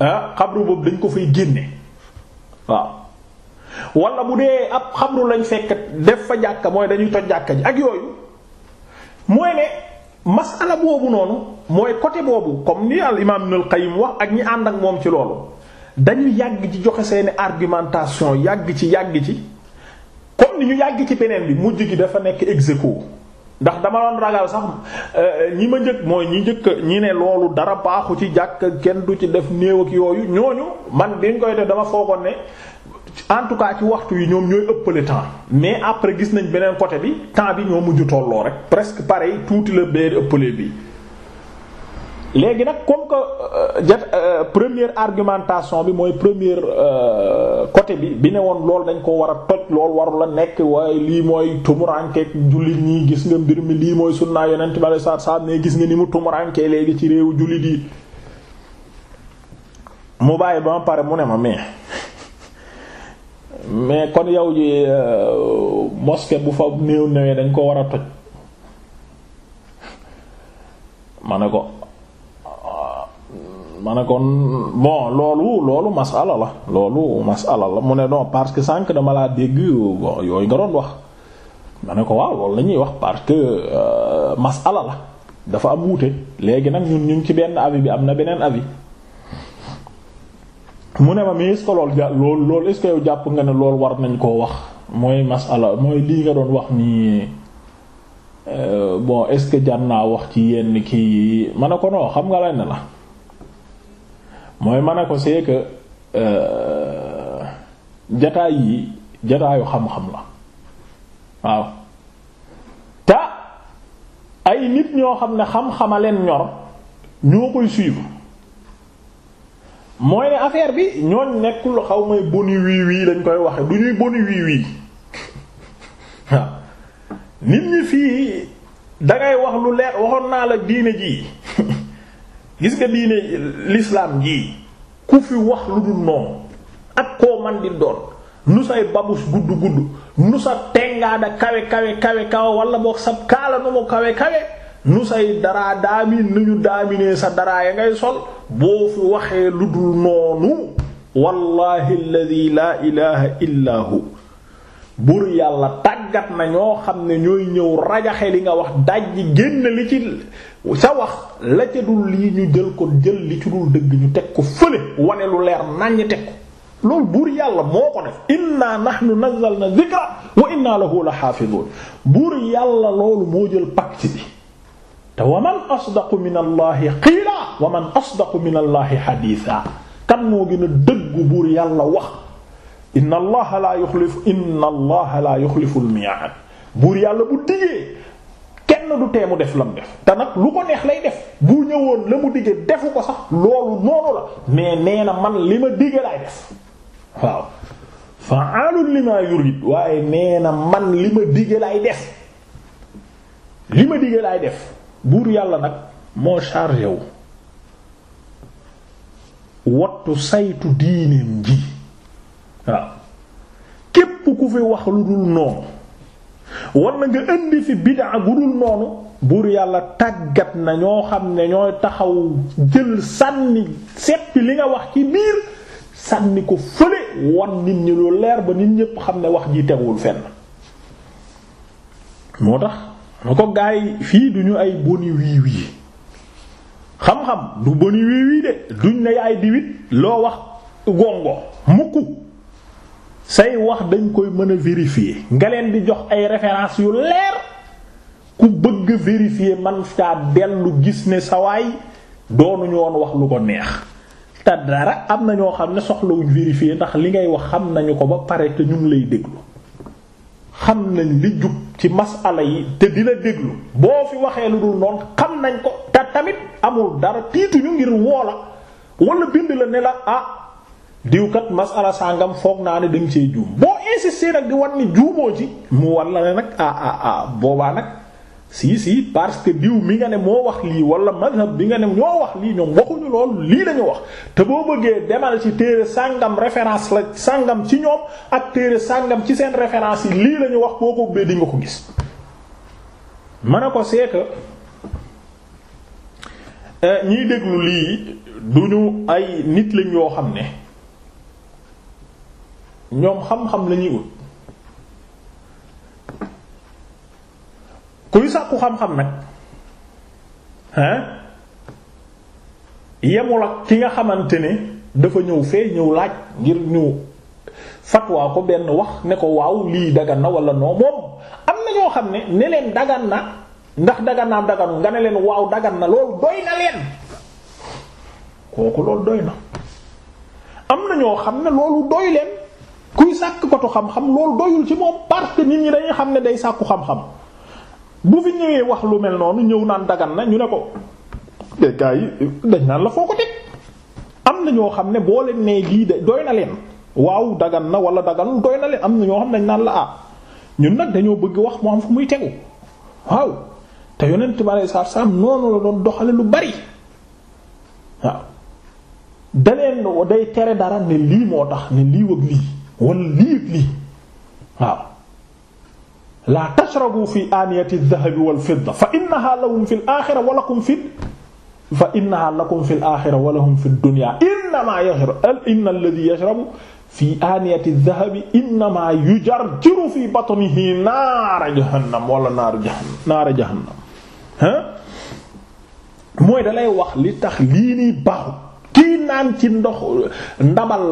Speaker 1: ah xabru boobu dañ ko fay génne waaw wala mu dee ab xabru lañ fekk def fa jàkka mooy dañuy toj jàkka ji ak yooyu mooy ne masala boobu noonu mooy côté boobu comme ni al imaam Ibn al wax ak ñi ànd ak moom ci loolu dañuy yàgg ci joxe seeni argumentation yàgg ci yàgg ci comme ni ñu yàgg ci beneen bi mujj gi dafa nekk ex ndax dama doon ragal sax euh, ñi ma njëkk mooy ñi njëkk ñi ne loolu dara baaxu ci jàkk kenn du ci def néew ak yooyu ñooñu man bi ñu koy def dama foogoon ne en tout cas ci waxtu yi ñoom ñooy ëppale temps mais après gis nañ beneen côté bi temps bi ñoo mujj tolloo rek presque pareil tuuti la bee ëppale bi léegi nag comme que euh, jat euh, première argumentation bi mooy première euh, côté bi bi ne woon loolu dañ koo war a toj loolu waru la nekk waaye lii mooy tumurankeeg jullit ñi gis nga mbir mi lii mooy sunnaa yonent bi aleyhis salaatu wassalaam ne gis nga ni mu tumurankee léegi ci réewu jullit yi mu bàyyi ba ma pare mu ne ma mais mais kon yow ji euh, mosquée bu fa néew newee dañ koo war a toj ma ne ko ma ne ko bon loolu loolu masala la loolu masala la mu ne non parce que sànq dama laa dégg yooyu nga doon wax ma ne ko waaw loolu la ñuy wax parce que euh, masala la dafa am wuute léegi nag ñun ñu ci benn avis bi am na beneen avis mu ne ma mais est-ce loolu ja loolu loolu est jàpp nga ne loolu war nañ koo wax mooy masala mooy lii nga doon wax nii euh, bon est-ce que jar naa wax ci yenn kii yi ma ko xam nga lan la mooy ma ko c'est que euh, jataay yi jataayu xam-xam la waaw ta ay nit ñoo xam ne xam-xama leen ñor ñoo koy suivre. mooy ne affaire bi ñooñ nekkul xaw may boni wii wii lañ koy waxe du ñuy boni wii wii nit ñi fii dangay wax lu leer waxoon naa la diine jii gis nga diine l'islam jii ku fi wax lu dul noonu ak koo man di doon nu say babus gudd gudd nu sa tengaada kawe kawe kawe kawe wala boog sa kaala nu mu kawe kawe nu say dara daamin nu ñu daaminee sa daraa ya ngay sol boo fi waxee lu dul noonu wallahi alladhi laa ilaha illa hu yàlla tàggat na ñoo xam ne ñooy ñëw rajaxe li nga wax dajji génn li ci sa wax la ca dul lii ñu jël ko jël li ci dul dëgg ñu teg ko fële wane lu leer naññ teg ko loolu buur yàlla moo ko def inna nahnu nazzalna dhikra wa inna lahu la hafizun buur yàlla loolu moo jël pacte bi te wa man asdaqu min allahi qiila wa man asdaqu min allahi xadiisa kan moo gën a dëggu buur yàlla wax inna la laa yuxlifu inna allaha laa yuxlifu al-mi'aad buur yàlla bu digee kenn du teemu def lam def te nag lu ko neex lay def bu ñëwoon la mu digee defu ko sax loolu noonu la mais nee na man li ma digee laay def waaw fa'aalun limaa yurid waaye nee na man li ma digee laay def li ma digee laay def buur yàlla nag moo chargé wu wattu saytu diineem ji waaw képp ku fi wax lu dul noonu walla nga indi fi bid'a gu dul noonu buur yàlla tàggat na ñoo xam ne ñooy taxaw jël sànni seppi li nga wax ci biir sànni ko fële wan nit ñi lu leer ba nit ñépp xam ne wax ji teguwul fenn moo tax na ko gaa yi fii ñu ay boni wii wii xam-xam du boni wii wii de duñ ne yaay diwit loo wax gongo mukk say wax dañ koy mën a vérifier nga leen di jox ay références yu leer ku bëgg vérifier man taa dellu gis ne sawaay doonuñu woon wax lu ko neex te dara am na ñoo xam ne soxlawuñ vérifier ndax li ngay wax xam nañu ko ba pare te ñu ngi lay déglu xam nañ li jub ci mas masala yi te di la déglu boo fi waxee lu dul noonu xam nañ ko te tamit amul dara tiituñu ngir woola wala bind la ne la ah diwkat masala sàngam foog naa ne danga cee juum boo insister nag di wan ni juumoo ci mu wan la ne nag ah ah ah boobaa nag si si parce que diw mi nga ne moo wax lii wala madhab bi nga ne ñoo wax lii ñoom waxuñu loolu lii lañu wax te boo bëggee demal ci téere sàngam référence la sàngam ci ñoom ak téere sàngam ci seen référence yi lii lañu wax boo ko ubbee di nga ko gis mën a ko seeta euh, ñiy déglu lii duñu ay nit lañ yoo xam ne ñoom xam-xam lañuy ut kuy sàkku xam-xam nag hein yemul ki nga xamante ne dafa ñëw fee ñëw laaj ngir ñu fatwaa ko benn wax ne ko waaw lii dagan na wala non moom am na ñoo xam ne ne leen dagan na ndax dagan naam daganu nga ne leen waaw dagan na loolu doy na leen kooku loolu doy na am na ñoo xam ne loolu doy leen kuy sàkk kotu xam-xam loolu doyul ci moom parce que nit ñi dañuy xam ne day sàkku xam-xam bu fi ñëwee wax lu mel noonu ñëw naan dagan na ñu ne ko eh, gaa yi dañ naan la foo ko teg am na ñoo xam ne boo leen nee lii de doy na leen waaw dagan na wala daganul doy na leen am na ñoo xam ne dañ naan la ah ñun nag dañoo bëgg wax mu am fu muy tegu waaw te yonent bi aleyhi salaatu salaam noonu la doon doxale lu bari waaw daleen day tere dara ne lii moo tax ne lii ak lii wala lii ak lii waaw laa tashrabu fi aaniyati ad-dhahabi wal-fidda fa innaha lahum fil aaxira wa lakum fi fa innaha lakum fil aaxira wa lahum fid dunya innamaa yashrabu inna alladhi yashrabu fi aaniyati ad-dhahabi innamaa yujarjiru fi batnihi naara jahannam wala naara jahannam naara jahannam mooy dalay wax li tax lii nii baaxul kii naan ci ndox ndabal.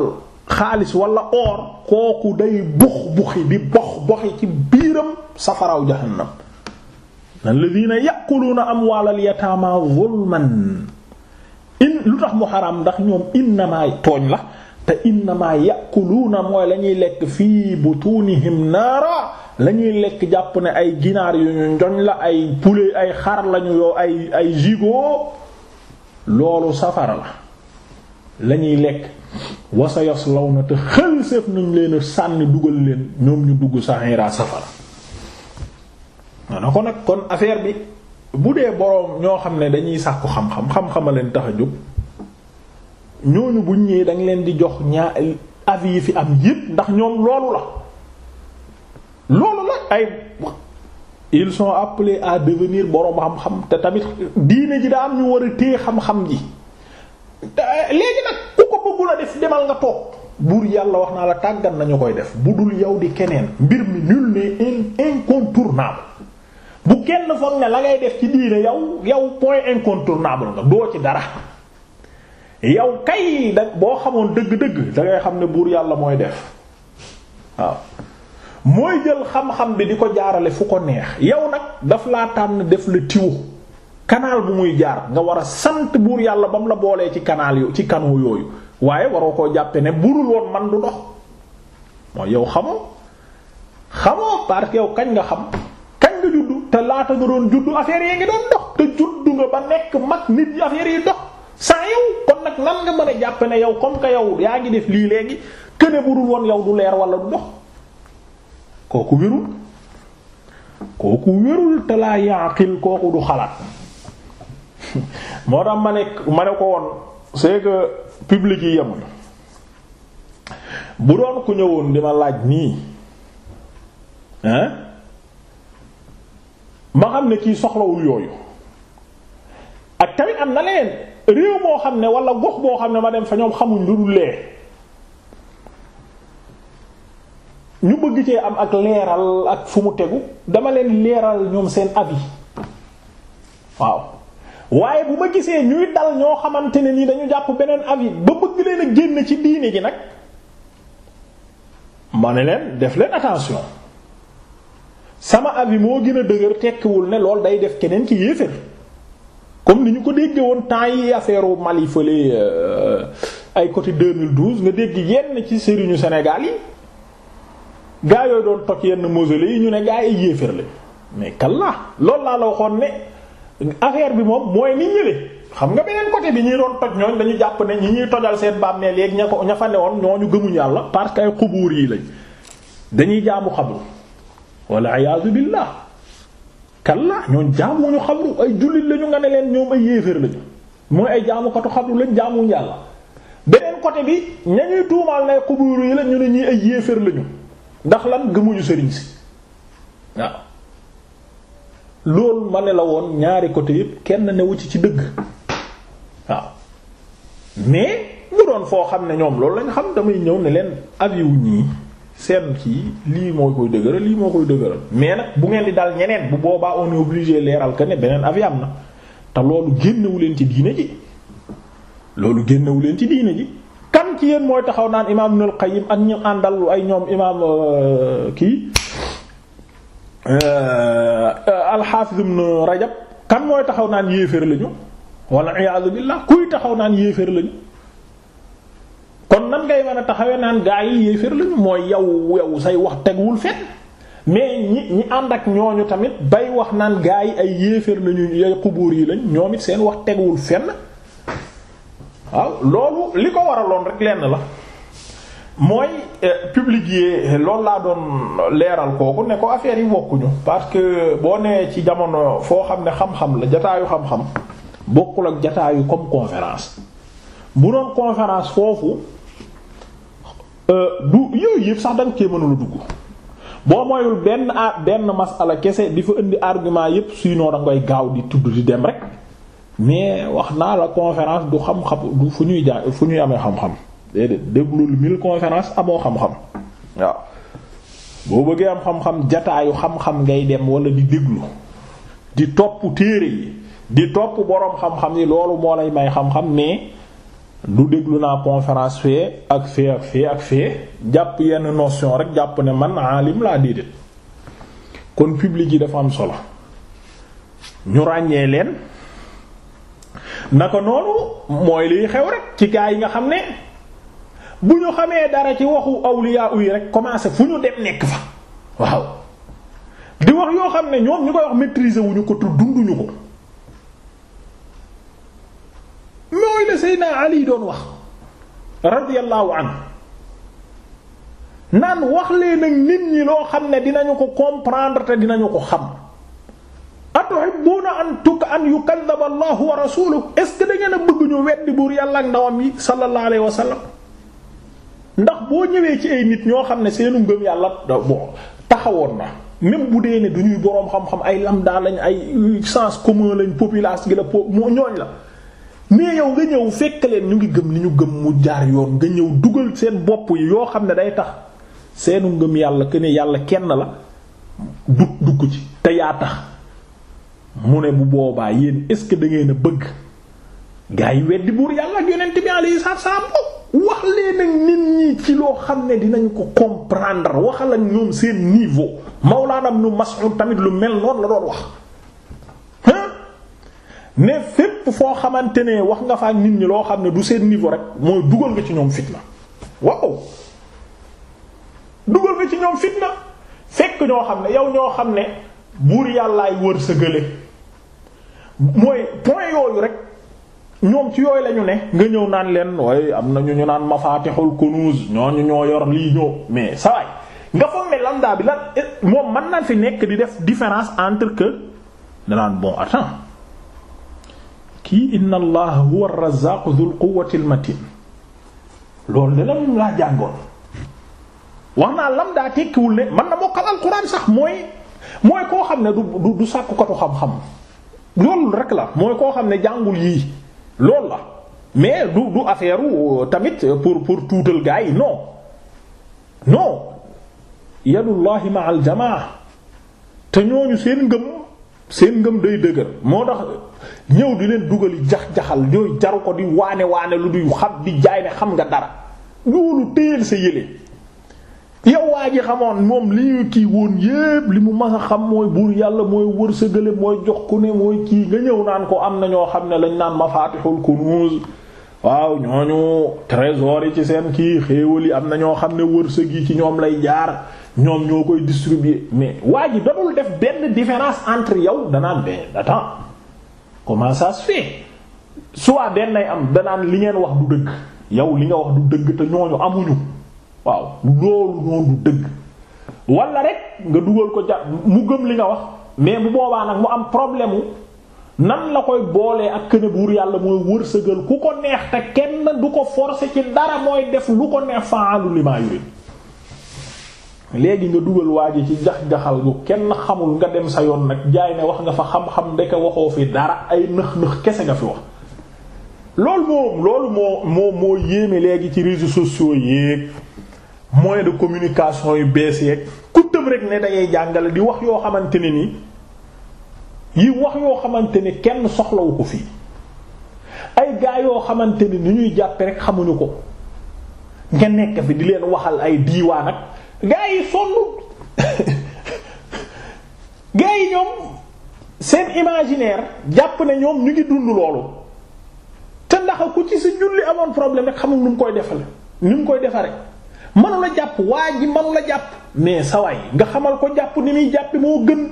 Speaker 1: xaalis walla or kooku day bux buxi di box boxi ci biiram safaraw jahannam alladhina ya'kuluna amwaalal yataama zulman in lu tax mu xaraam ndax ñoom innama tooñ la te innama ya'kuluna mooy lañuy lekk fii butunihim naara la ñuy lekk jàpp ne ay ginaar yu ñu njoñ la ay poulet ay xar lañu yoo ay ay gigot loolu safara la lañuy lekk wasa yaslaw na te xël séef nañ leen sànni dugal leen ñoom ñu dugg saxiiraa safara na ko nag kon affaire bi bu dee boroom ñoo xam ne dañuy sàkku xam-xam xam-xama leen tax a jóg ñooñu buñ ñëwee dañ leen di jox ñaa avis yi fi am yépp ndax ñoom loolu la loolu la ay ils sont appelés à devenir boroom xam-xam te tamit diine ji daa am ñu war a téye xam-xam ji demal nga toog buur yàlla wax naa la tàggat nañu koy def bu dul yow di keneen mbir mi nul ne incontournable bu kenn foog ne la ngay def ci diine yow yow point incontournable nga doo ci dara yow kay da boo xamoon dëgg-dëgg dangay xam ne buur yàlla mooy def waaw mooy jël xam-xam bi di ko jaarale fu ko neex yow nag daf laa tànn def la tiwo canal bu muy jaar nga war a sant buur yàlla ba mu la boolee ci canal ci canaux yooyu waaye waroo koo jàppe ne burul woon man du dox mooy yow xamoo xamoo parce que yow kañ nga xam kañ nga juddu te laata nga doon juddu affaire yi ngi doon dox te juddu nga ba nekk mag nit yi affaire yi dox sans yow kon nag nan nga mën a jàpp ne yow comme que yow yaa ngi def lii léegi këne burul woon yow du leer walla du dox kooku wérul kooku wérul te laa yaqil kooku du xalaat moo tax ma ne ma ne ko woon c'est que public yi yemuñu bu doon ku ñëwoon di ma laaj nii hein ma xam ne kii soxlawul yooyu ak tamit am na leen réew moo xam ne wala gox boo xam ne ma dem fa ñoom xamuñ lu dul lee ñu bëgg cee am ak leeral ak fu mu tegu dama leen leeral ñoom seen avis waaw waaye bu ma gisee ñuy dal ñoo xamante ne nii dañu jàpp beneen avis ba bëgg leen a génn ci diini gi nag ma ne leen def leen attention sama avis moo gën a dëgër tekkiwul ne lool day def keneen ki yéefér comme ni ñu ko déggee woon temps yi affaire Mali fële euh, ay côté 2012 nga dégg yenn ci sëriñu Sénégal yi gaa yooyu doon toj yenn mausolée yi ñu ne gaa yi yéefér la mais kallaa loolu laa la waxoon ne affaire bi moom mooy ni ñële xam nga beneen côté bi ñi doon toj ñooñ lañu jàpp ne ñi ñuy tojal seen bàmmeel léegi ña ko ña woon newoon ñooñu gëmuñ yàlla parce que ay xubuur yi lañ dañuy jaamu xabru walla ayaazu billah kalla ñoon jaamuñu xabru ay jullit lañu nga ne leen ñoom ay yéeféer lañu mooy ay jaamukatu xabru lañ jaamuñ yàlla beneen côté bi ñañuy tuumaal nay xubuur yi la ñu ne ñi ay yéeféer lañu ndax lan gëmuñu sëriñ si waaw loolu ma ne la woon ñaari côté yépp kenn newu ci ci dëgg waaw mais bu doon foo xam ne ñoom loolu lañ xam damay ñëw ne leen avis wu ñii seen kii lii moo koy dëgëral lii moo koy dëgëral mais nag bu ngeen di daal ñeneen bu boobaa on est obligé leeral que ne beneen avis am na te loolu génnewu leen ci diine ji loolu génnewu leen ci diine ji kan ci yéen mooy taxaw naan imaam Ibnul Qayyim ak ñu àndal ay ñoom imaam euh, kii Euh, alxaafiz ibn rajab kan mooy taxaw naan yéeféer lañu walla iyaatu billaah kuy taxaw naan yéeféer lañu kon nan ngay mën a taxawee naan gaa yi yéeféer lañu mooy yow yow say wax teguwul fenn mais ñi ñi ànd ak ñooñu tamit bay wax naan gaa yi ay yéeféer lañu ay xubóor yi lañ ñoom it seen wax teguwul fenn waaw loolu li ko waraloon rek lenn la mooy eh, publier loolu laa doon leeral kooku ne ko affaire yi bokkuñu parce que boo nee ci jamono foo xam ne xam-xam la jataayu xam-xam bokkul ak jataayu comme conférence bu doon conférence foofu eh, du yooyu yëpp sax da nga cee mënula dugg boo moyul benn a benn masala kese di fa indi argument yëpp sinon da ngay gaaw di tudd di dem rek mais wax naa la conférence du xam-xam fu ñuy jaay fu ñuy amee xam-xam déedéet déglul mille conférence amoo xam-xam waaw boo bëggee am xam-xam jataayu xam-xam ngay dem wala di déglu di topp téere yi di topp boroom xam-xam yi loolu moo lay may xam-xam mais du déglu naa conférence fee ak fee ak fee ak fee jàpp yenn notion rek jàpp ne man alim laa déedéet kon public yi dafa am solo ñu ràññee leen naka noonu mooy liy xew rek ci gaa yi nga xam ne bu ñu xamee dara ci waxu awliya yi rek commencé fu ñu dem nekk fa waaw di wax yoo xam ne ñoom ñu koy wax maîtriser wuñu ko tu dunduñu ko mooy la Seydina Ali doon wax radiyallahu anhu naan wax leen ak nit ñi loo xam ne dinañu ko comprendre te dinañu ko xam atuhibbuna an tuk an yukadhaba Allahu wa rasuluhu est-ce que da ngeen a bëgg ñu weddi buur yàlla ak ndawam yi sallallahu alayhi wa ndax boo ñëwee ci ay nit ñoo xam ne seenu ngëm yàlla bon taxawoon na même bu dee ne du ñuy boroom xam-xam ay lambda lañ ay sens commun lañ population gi la po ñooñ la mais yow nga ñëw fekk leen ñu ngi gëm li ñu gëm mu jaar yoon nga ñëw dugal seen bopp yi yoo xam ne day tax seenu ngëm yàlla que yàlla kenn la du dugg ci te yaa tax mu ne bu boobaa yéen est ce que da ngeen a bëgg gaa yi weddi buur yàlla ak yonent bi alayhi salaam wax leen nag nit ñi ci loo xam ne dinañ ko comprendre waxal ak ñoom seen niveau Mawlaana Ibn Mas'ud tamit lu mel noonu la doon wax. ne fépp foo xamante ne wax nga fa ak nit ñi loo xam ne du seen niveau rek mooy dugal nga ci ñoom fitna waaw ci ñoom fitna fekk ñoo xam ne yow ñoo xam ne buur yàllaay wërsëgale mooy point yooyu rek. ñoom ci yooyu lañu ne nga ñëw naan leen waaye am na ñu ñu naan mafatihul kunuz ñu ñoo yor lii ñoo mais saa waay nga foog ne lambda bi lan eh, moom man naa fi nekk di def différence entre que danaan bon attends kii inna allaha huwa ar-razzaqu dhul al-matin loolu de la wax naa lambda tekkiwul ne mën na mokkal alquran sax mooy mooy koo xam ne du du sàkkukatu xam-xam loolu rek la mooy koo xam ne jàngul yii. loolu la mais du du affaire euh, tamit euh, pour pour tuutal gars yi non non yadullahi ma al jamaa te ñooñu seen ngëm seen ngëm day dëgër moo tax euh, ñëw di leen dugal dugali jax-jaxal ñooy jaru ko di waane waane lu duy xam di jaay ne xam nga dara loolu téyel sa yële yow waa ji xamoon moom li ñu kii woon yépp li mu mas xam mooy buur yàlla mooy wërsëgale mooy jox ku ne mooy kii nga ñëw naan ko am na ñoo xam ne lañ naan mafatihul kunuz waaw ñooñu trésor yi ci seen kii xéewal yi am na ñoo xam ne wërsëg yi ci ñoom lay jaar ñoom ñoo koy distribuer mais waa ji dadul def benn différence entre yow danaan benn attends comment ça fait soit benn nay am danaan li ngeen wax du dëgg yow li nga wax du dëgg te ñooñu amuñu waaw loolu noonu du dëgg wala rek nga dugal ko ja mu gëm li nga wax mais bu boobaa nag mu am problème mu nan la koy boolee ak këne buur yàlla mooy wërsëgal ku ko neex te kenn du ko forcer ci dara mooy def lu ko neex faalu li maa léegi nga dugal waa ji ci jax-jaxal gu kenn xamul nga dem sa yoon nag jaay ne wax nga fa xam-xam ndeke waxoo fi dara ay nëx-nëx kese nga fi wax loolu moo loolu moo moo moo yéeme léegi ci réseaux sociaux yéeg moyen de communication yu bees yeeg ku tëb rek ne dangay jàngale di wax yoo xamante ne ni yi wax yoo xamante ni kenn soxlawu ko fii ay gaa yoo xamante ni ni ñuy jàppe rek xamuñu ko nga nekk fi di leen waxal ay diiwaan ak gaa yi sonn gaa yi ñoom seen imaginaire jàpp ne ñoom ñu ngi dund loolu te ndax ku ci sa julli amoon problème rek xamul nu mu koy defal ni mu koy defare manu la jàpp waa ji manu jàpp mais sawaay nga xamal ko jàpp ni muy jàpp moo gën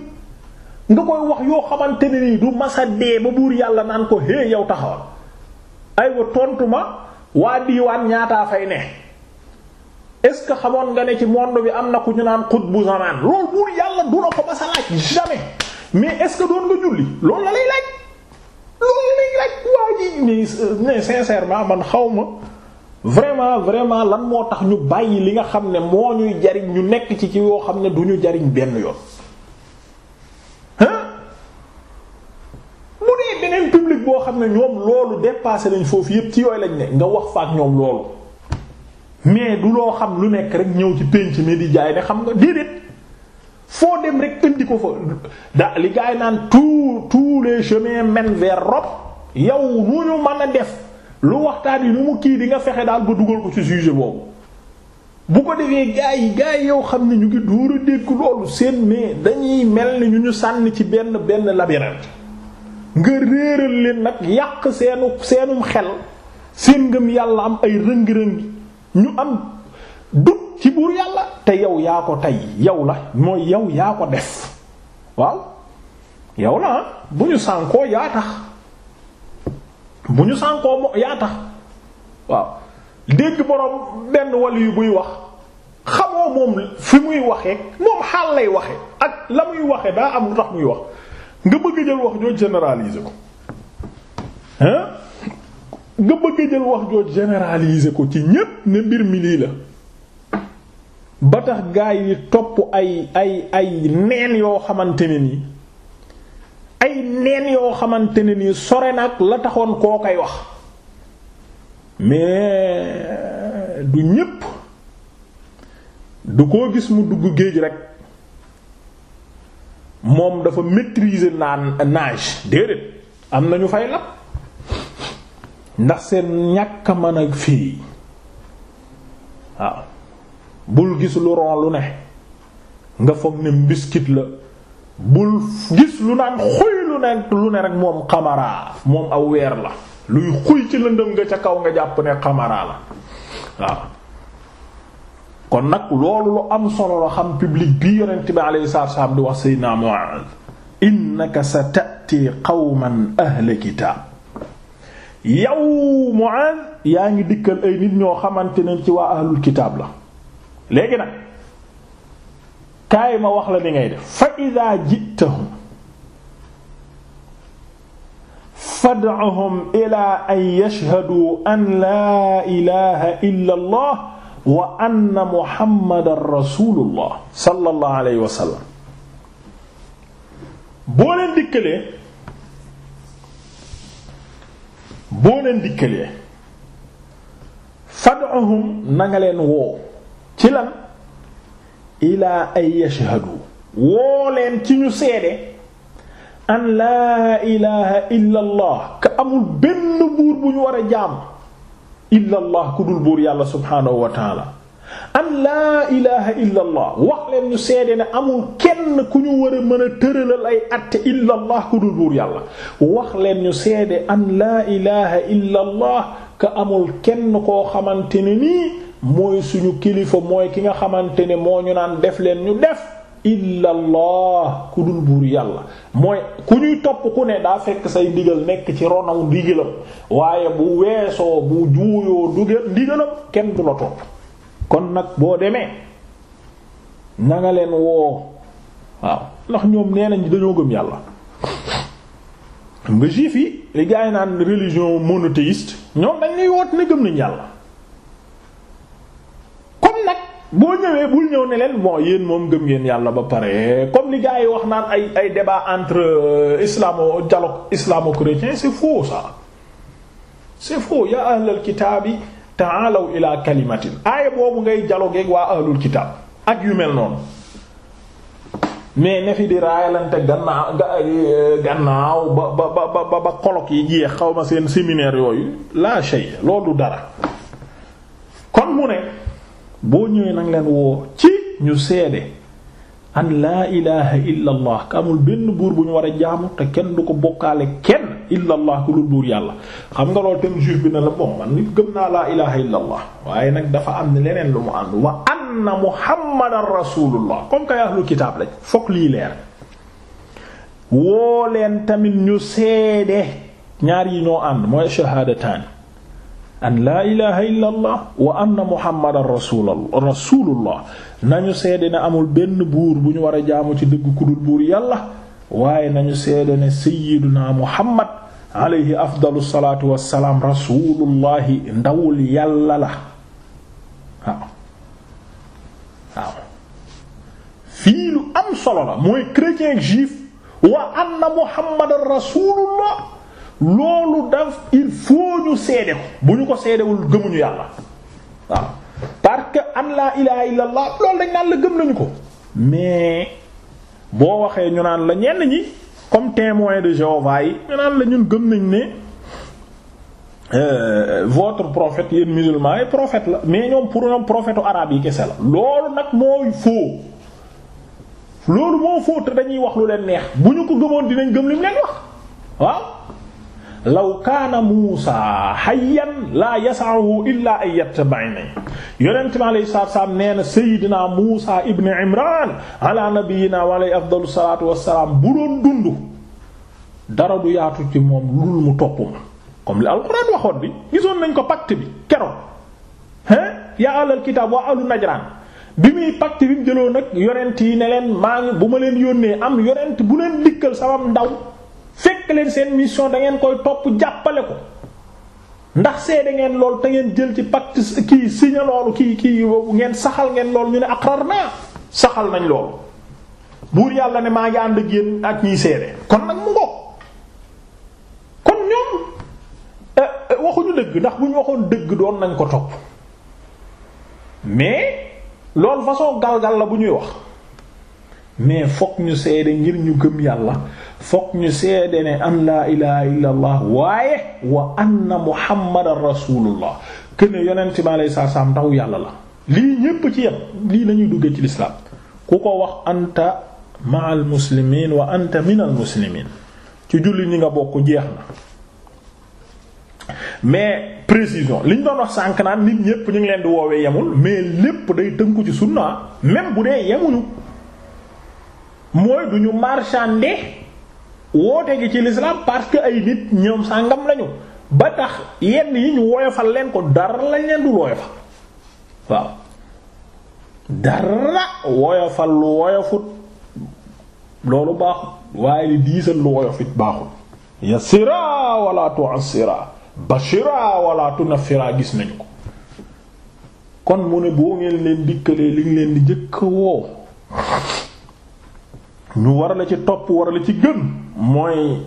Speaker 1: nga koy wax yoo xamante ne nii du masa ba buur yàlla naan ko hé yow taxawal aywa tontu ma waa diwaan ñaata fay ne est-ce que xamoon nga ne ci monde bi am na ku ñu naan xutbu zamaan loolu buur yàlla du la ko sa laaj jamais mais est-ce que doon nga julli loolu la lay laaj loolu lay laaj waa ji mais euh, sincèrement man xaw ma vraiment vraiment lan moo tax ñu bàyyi li nga xam ne moo ñuy jariñ ñu nekk ci ci yoo xam ne du ñu jariñ benn yoon mu dee beneen public boo xam ne ñoom loolu dépassé lañ foofu yépp ci yooyu lañ ne nga wax fa ak ñoom loolu mais du loo xam lu nekk rek ñëw ci pénc mi di jaay ne xam nga déedéet foo dem rek indi ko fa da li gaay naan tou tous les chemins mènent vers yow nu ñu mën a def lu waxtaan yi nu mu kii di nga fexe daal ba dugal ko ci sujet boobu bu ko defee gaa yi gaa yow xam ne ñu ngi dóor a dégg loolu seen mais dañuy mel ni ñu ñu sànni ci benn benn labyrinthe nga réeral leen nag yàq seenu seenum xel seen ngëm yàlla am ay rëngi-rëngi ñu am dut ci buur yàlla te yow yaa ko tey yow la mooy yow yaa ko def waaw yow la bu ñu sànkoo yaa tax bu ñu sànkoo mo yaa tax waaw dégg boroom benn wàll yu buy wax xamoo moom fi muy waxee moom xaal lay waxe ak la muy waxe daa am lu tax muy wax nga bëgg jël wax jooju généraliser ko hein nga bëgg jël wax jooju généraliser ko ci ñépp ne mbir mi lii la ba tax gaa yi topp ay ay ay neen yoo xamante ne nii ay neen yoo xamante ne nii sore nag la taxoon koo koy wax mais du ñépp du koo gis mu dugg géej rek moom dafa maîtriser naan nage déedéet am na ñu fay lab ndax seen ñàkk mën a fii waaw bul gis lu ron lu ne nga foog ne mbiskit la. bul gis lu naan xuy lu ne lu ne rek moom xamaraa moom aw weer la luy xuy ci lëndëm nga ca kaw nga jàpp ne xamaraa la waaw kon nag loolu lu am solo la xam public bi yonent bi alayhi salaatu wassalaam di wax sayyidina Mu'aaz innaka sata'ti qawman ahla kitaab yow Mu'aaz yaa ngi dikkal ay nit ñoo xamante ne ci waa ahlul kitaab la léegi nag kaay ma wax la ni ngay def fa idaa ji'tahum fad'uhum ilaa an yashhaduu an laa ilaaha illa allah wa anna muhammadan rasulullah sallallahu alayhi wa sallam boo leen dikkalee boo leen dikkalee fad'uhum na nga leen woo ci lan ilaa ay yashhadu woo leen ci ñu seede an laa ilaha illa allah ka amul benn buur bu ñu war a jaam ila allah ku dul buur yàlla subhaanahu wa taala an laa ilaha illa allah wax leen ñu seede ne amul kenn ku ñu war a mën a tëralal ay atte illa ku dul buur yàlla wax leen ñu seede an laa ilaha illa allah amul kenn koo xamante ne nii mooy suñu kilifa mooy ki nga xamante ne moo ñu naan def leen ñu def illa allah ku dul buur yàlla mooy ku ñuy topp ku ne daa fekk say ndigal nekk ci ronaw ndigalam waaye bu weesoo bu juuyoo ndigalam kenn du la topp kon nag boo demee na nga leen woo waaw ndax ñoom nee nañ dañoo gëm yàlla xam nga juif yi li gaa yi naan religion monothéiste ñoom dañ lay woot ne gëm nañ yàlla comme nag boo ñëwee bul ñëw ne leen bon yéen moom gëm ngeen yàlla ba pare comme li yi wax naan ay ay débat entre euh, islamo dialogue islamo-chrétien c'est faux ça c'est faux ya ahlal kitaabi taalaw ila kalimatin aaya boobu ngay dialoguer waa ahlul kitaab ak yu mel noonu mais ne fi di raayalante gannaaw eh, gannaaw ba ba ba ba ba yi jeex xaw ma seen séminaire yooyu la shay loolu dara kon mu ne boo ñëwee nag leen woo ci ñu seede an laa ilaha illa ka amul benn buur bu ñu war a jaamu te kenn du ko bokkaale kenn illa allah buur yàlla xam nga loolu tam juif bi ne la bon man nit gëm naa laa ilaha illa waaye nag dafa am ne leneen lu mu ànd wa anna muhammadan rasulullah comme kay ahlu kitaab lañ fokk lii leer woo leen tamit ñu seede ñaar yi ñoo ànd mooy shahadataan an laa ilaha illa allah wa anna muhammadan rasulullah rasulullah nañu seede ne amul benn buur bu ñu war a jaamu ci dëgg ku dul buur yàlla waaye nañu seede ne sayyiduna muhammad alayhi afdalu salaatu wassalaam rasulullahi ndawul yàlla la waaw waaw fii lu am solo mooy chrétien juif wa anna muhammadan rasulullah loolu daf il faut ñu seede ko bu ñu ko seedewul gëmuñu yàlla waaw parce que an laa ilaha illallah loolu dañ naan la gëm nañu ko mais boo waxee ñu naan la ñenn ñi comme témoin de Jéhovah yi ñu naan la ñun gëm nañ ne euh, votre prophète yéen musulman yi prophète la mais ñoom pour ñoom prophète arabe yi kese la loolu nag mooy faux loolu moo faux te dañuy wax lu leen neex bu ñu ko gëmoon dinañ gëm lim leen wax waaw law kaana Muusaa hayyan laa yas'ahu illaa an yattaba'ani yonent mi alayhi salaatu wa salaam nee na Seydina Muusaa ibn Imraan ala nabiyyinaa wa alayhi afdalu salaatu wa salaam bu doon dund dara du yaatu ci moom lu mu topp ma comme li alxuraan waxoon bi gisoon nañ ko pacte bi keroog hein yaa ahlal kitaab wa ahlu Najraan bi muy pacte bi mu jëloon nag yonent yi ne leen maa bu ma leen yónnee am yonent bu leen dikkal sama ndaw fekk leen seen mission dangeen koy topp jàppale ko ndax seede ngeen lool te ngeen jël ci pacte kii signé loolu kii kii ngeen saxal ngeen lool ñu ne aqrar naa saxal nañ loolu buur yàlla ne maa ngi ànd ak ak ñiy seede kon nag mu ngoog kon ñoom eh, eh, waxuñu dëgg ndax bu ñu waxoon dëgg doon nañ ko topp mais loolu façon galgal la bu ñuy wax mais fokk ñu seede ngir ñu gëm yàlla fokk ñu seede ne am laa ilaha illa allah waaye wa anna muhammadan rasulullah kuene yonent bi alei saatu salaam ndaw yàlla la lii ñépp ci yépp lii lañuy duggee ci lislaam ku ko wax anta maa al muslimin wa anta min al muslimin ci julli ñi nga bokk jeex na mais précision liñ doon wax sànk naan nit ñépp ñu leen di woowee yemul mais lépp day tënku ci sunna même bu dee yemuñu mooy du ñu marchander woote gi ci l'islam parce que ay nit ñoom sàngam lañu ba tax yenn yi ñu woyofal leen ko dara lañ leen dul woyofal waaw dara woyofal lu woyofut loolu baaxut waaye di diisal lu woyofit baaxut yasira wala tu'sira bashira wala tunfira gis nañu ko kon mu ne boo ngeen leen dikkalee li ngi leen di jëkk woo ñu war la ci topp war la ci gën mooy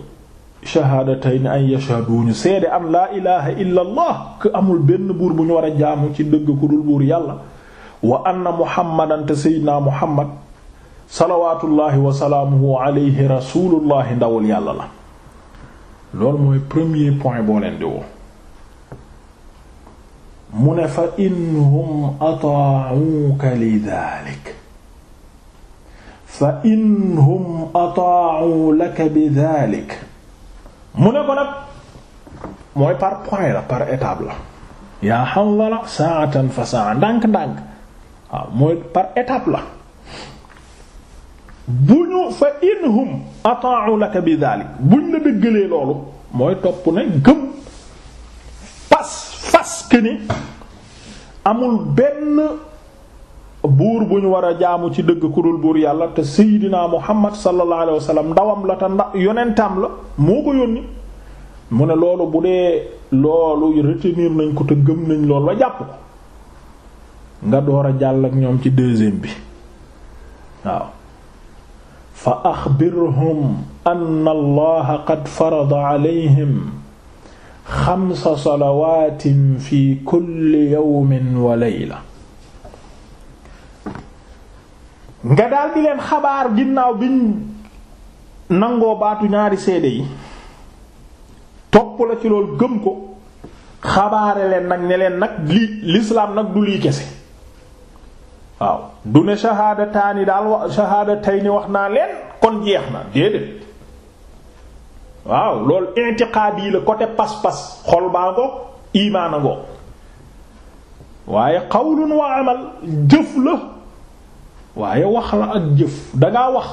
Speaker 1: shahaadatayn an yashhadu ñu seede am laa ilaha illa allah amul benn buur bu ñu war a jaamu ci dëgg ku dul buur yàlla wa anna muhammadan te seydinaa muhammad salawaatullahi wa salaamuhu alayhi rasulullahi ndawul yàlla la loolu mooy premier point boo leen di mu ne fa innahum ataa'uka li daalik fa inhum ataa'u laka bi dhalik mu ne ko nag mooy par point la par étape la yaa Hanzala saatan saa ndànk-ndànk mooy par étape la bu ñu fa inhum ataa'u laka bi dhalik buñ la dëggalee loolu mooy topp ne gëm pas fas que amul benn buur bu ñu war a jaamu ci dëgg ku dul buur yàlla te seydinaa muhammad sallallahu alayhi wa sallam ndawam la te nda yonentaam la moo ko yónni mu ne loolu bu dee loolu retenir nañ ko te gëm nañ loolu ba jàpp ko nga door a jàll ak ñoom ci deuxième bi waaw fa axbirhum anna allaha qad farada alayhim xamsa salawaatin fi kulli yawmin wa layla nga daal di leen xabaar ginnaaw biñ nangoo baatu ñaari seede yi topp la ci loolu gëm ko xabaare leen nag ne leen nag lii l'islam nag du lii kese waaw du ne shahaadataani daal wa shahaadatayni wax naa leen kon jeex na déedéet waaw loolu intiqaad yi la côté pas-pas xol baa ngoog imaana ngoog waaye qawlun wa amal jëf la waaye wax la ak jëf danga wax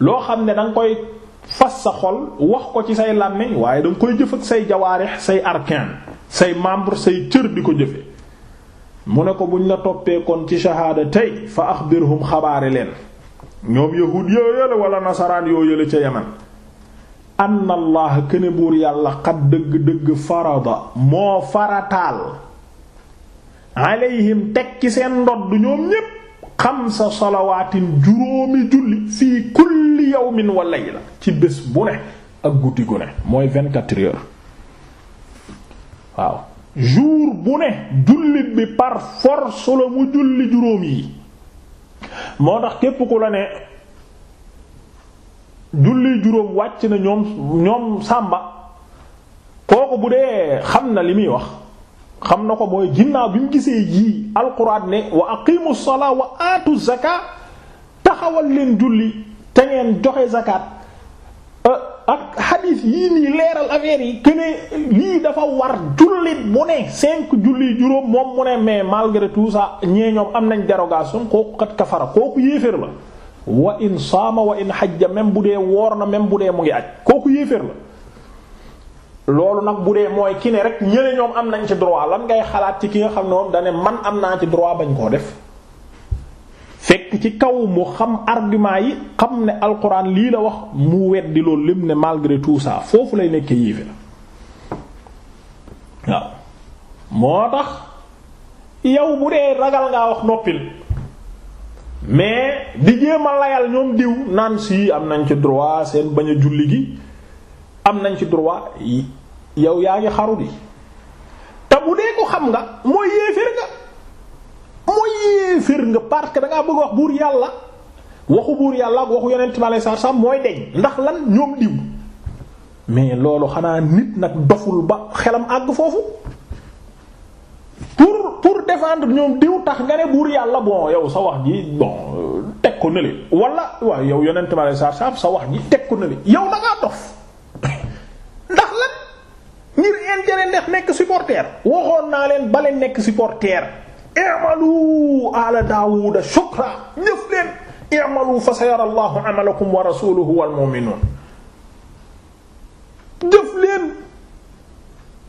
Speaker 1: loo xam ne danga koy fas sa xol wax ko ci say làmmiñ waaye danga koy jëf ak say jawaarix say arkaan say membre say cër di ko jëfe mu ne ko buñ la toppee kon ci shahaada tey fa axbirhum xabaare leen ñoom yahuud yoo yële wala nasaraan yooyu yële ca yaman anna allah buur yàlla xat dëgg dëgg farada moo farataal alayhim tekki seen ndodd ñoom ñépp xamsa salawaatin juróomi julli fii kulli yawmin wa layla ci bés bu ne ak guddi gu mooy vingt-quatre heures waaw jour bu ne jullit bi par force la mu julli juróom yi moo tax képp ku la ne julli juróom wàcc na ñoom ñoom sàmba kooku bu dee xam na li muy wax xam na ko mooy ginnaaw bi mu gisee yii alquran ne wa aqimu salaa wa aatu zaka taxawal leen julli te ngeen joxe zakat euh, ak xadiis yii nii leeral affaire yi keneen lii dafa war jullit mu ne cinq julli juróom moom mu ne mais malgré tout ça ñee ñoom am nañ dérogation kooku kat kafara kooku yéeféer la wa in saama wa in xajja même bu dee woor na même bu dee mu ngi aj kooku yéeféer la loolu nag bu dee mooy ki ne rek ñële ñoom am nañ ci droit lan ngay xalaat ci ki nga xam ne moom dane man am naa ci droit bañ koo def fekk ci kaw mu xam argument yi xam ne alquran lii la wax mu di loolu lépp ne malgré tout saa foofu lay nekkee yéefe la waaw moo tax yow bu dee ragal ngaa wax noppil mais di jéem a layal ñoom diw naan si am nañ ci droit seen bañ a julli gi am nañ ci droit yow yaa ngi xaru di te bu dee ko xam nga mooy yéeféer nga mooy yéeféer nga parce que da ngaa bëgg wax buur yàlla waxu buur yàlla ak waxu yonent bi aleyhi salaatu salaam mooy deñ ndax lan ñoom diw mais loolu xanaa nit nag doful ba xelam àgg foofu pour pour défendre ñoom diw tax nga ne buur yàlla bon yow sa wax ji bon teg ko nële wala waaw yow yonent bi aleyhi salaatu salaam sa wax ji teg ko nële yow da ngaa dof ndax lan ngir intérêt ndax nekk supporter waxoon naa leen bale nekk supporter i'malu ala daawuda shukra ñëf leen i'malu fa sayara allahu amalakum wa rasuluhu wal mu'minun jëf leen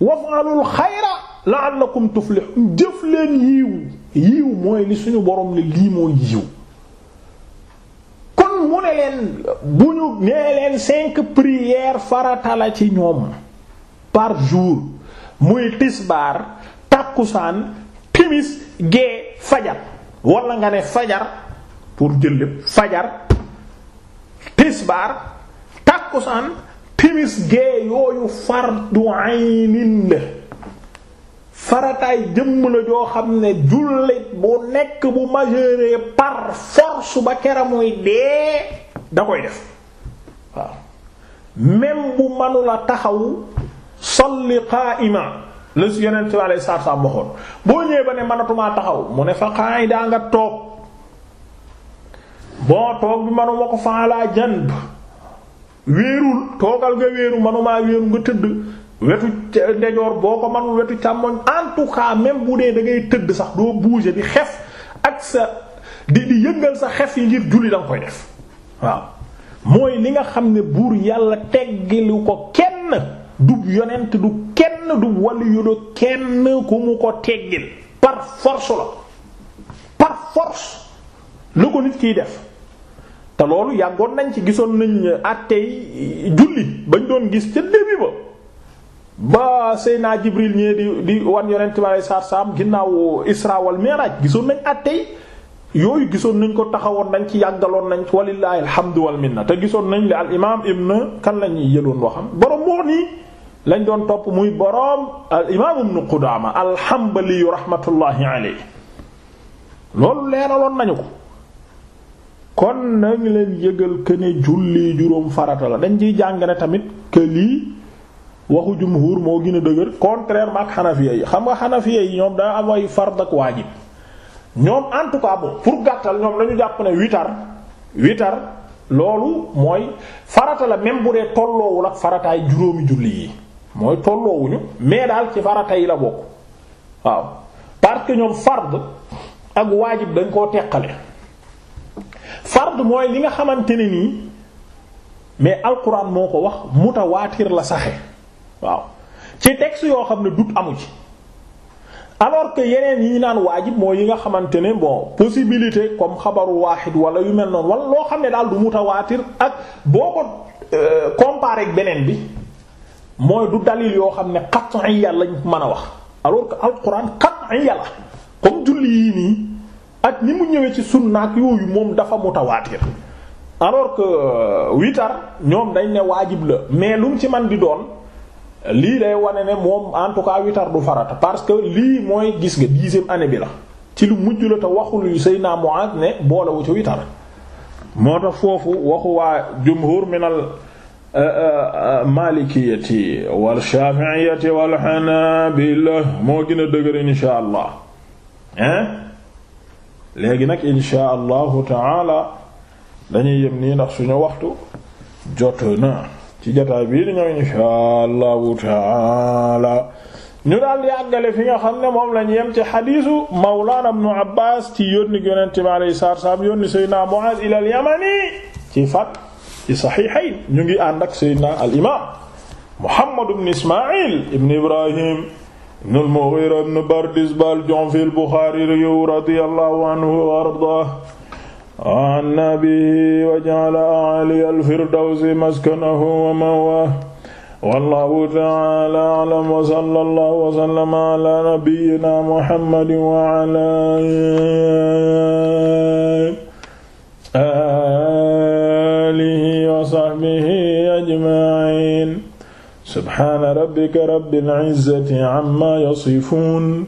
Speaker 1: waf'alul xayra la'allakum tuflihun jëf leen yiiw yiiw mooy li suñu borom ne lii mooy yiiw kon mu ne leen bu ñu nee leen cinq prières farata la ci ñoom par jour muy tisbaar tàkkusaan timis gée fajar wala nga ne fajar pour jël lépp fajar tisbaar tàkkusaan timis gée yooyu fardu aynin la farataay jëmm la joo xam ne jullit bu nekk bu majeure par force ba kera dee da koy def waaw même bu manula taxaw solli qaa'ima la si yeneen ci wàllu saaf saaf waxoon boo ñëwee ba ne manatumaa taxaw mu ne fa qaa'ida nga toog bon toog bi manuma ko fa ala janb wéerul toogal nga wéeru manumaa wéeru nga tëdd. wetu ndejoor boo ko manul wetu càmmoñ antuka tout cas même bu dee da tëdd sax doo bouger di xef ak sa di di yëngal sa xef yi ngir julli da koy def waaw mooy li nga xam ne buur yàlla teggilu ko kenn dub yonent du kenn dub wàllu yu du kenn ku mu ko teggil par force la par force lu ko nit kiy def te loolu yàggoon nañ ci gisoon nañ àttey julli bañ doon gis ca début ba ba Seyna Jibril ñee di di wan yonent bi aleyhi salaatu salaam ginnaaw Isra wal Mi'raj gisoon nañ àttey yooyu gisoon nañ ko taxawoon nañ ci yàggaloon nañ ci walillahi alhamdu wal minna te gisoon nañ li al ibn kan lañuy ñuy yëloon waxam borom moo nii lañ doon topp muy borom al imaam ibn Qudaama al-Hanbali rahmatullahi loolu leeraloon nañu ko kon nañ leen yëgal que ne julli juróom farata la dañ ciy jàng ne tamit que lii waxu jumhur moo gën a dëgër contrairement ak xanafiya yi xam nga xanafiya yi ñoom daa am ay fard ak waajib ñoom en tout pour gàttal ñoom lañu jàpp ne witar witar loolu mooy farata la même bu dee tolloowul ak farataay juróomi julli yi mooy tolloowuñu mais daal ci farata yi la bokk waaw parce que ñoom fard ak waajib dañ koo teqale fard mooy li nga xamante ne nii mais alquran moo ko wax mutawaatir la saxe waaw ci texte yoo xam ne doute amu ci alors que yeneen yi naan waajib mooy yi nga xamante ne bon possibilité comme xabaru waaxid wala yu mel noonu wala loo xam ne daal du muta mutawaatir ak boo ko euh, comparé ak beneen bi mooy du dalil yoo xam ne qat'iyya lañ mën a wax alors que alquran qat'iyya la comme julli yi nii ak ni mu ñëwee ci sunnaak yooyu moom dafa mutawaatir alors que euh, witar ñoom dañ ne waajib la mais lu ci man di doon. lii day wane ne moom en witar du farata parce que lii mooy gis nga dixième année bi la ci lu mujj la te waxul yu Seydina Mu'adh ne boolewu ca witar moo tax foofu waxu waa jumhur minal uh, uh, uh, maalikiyati wal shafi'iyati wal hanabila moo gën a dëgër insha allah hein léegi nag insha allahu taala dañuy yem nii ndax suñu waxtu jot na ci jotaay bii di ñëw inshaa allahu taala ñu daal di àggale fi nga xam ne moom lañ yem ci xadiisu Mawlana ibnu Abbaas ci yónni yonente bi alayhi salaatu wa salaam yónni Seydina Muaaz ila al-Yamani ci fat ci saxiixayn ñu ngi ànd ak Seydina al imaam Muhammad ibn Ismaa'il ibn Ibrahim ibn al-Mughiira ibn Bardizbah al-Ju'fi al-Bukhaari radiyallahu anhu wa ardaahu an nabihi wa ja'ala a'la al-firdawsi maskanahu wa ma'waahu wallaahu ta'aala a'lam wa sallallaahu wa sallama ala nabiyyina muhammadin wa ala aalihi wa sahbihi ajma'iin subhaana rabbika rabbil izzati amma yasifuun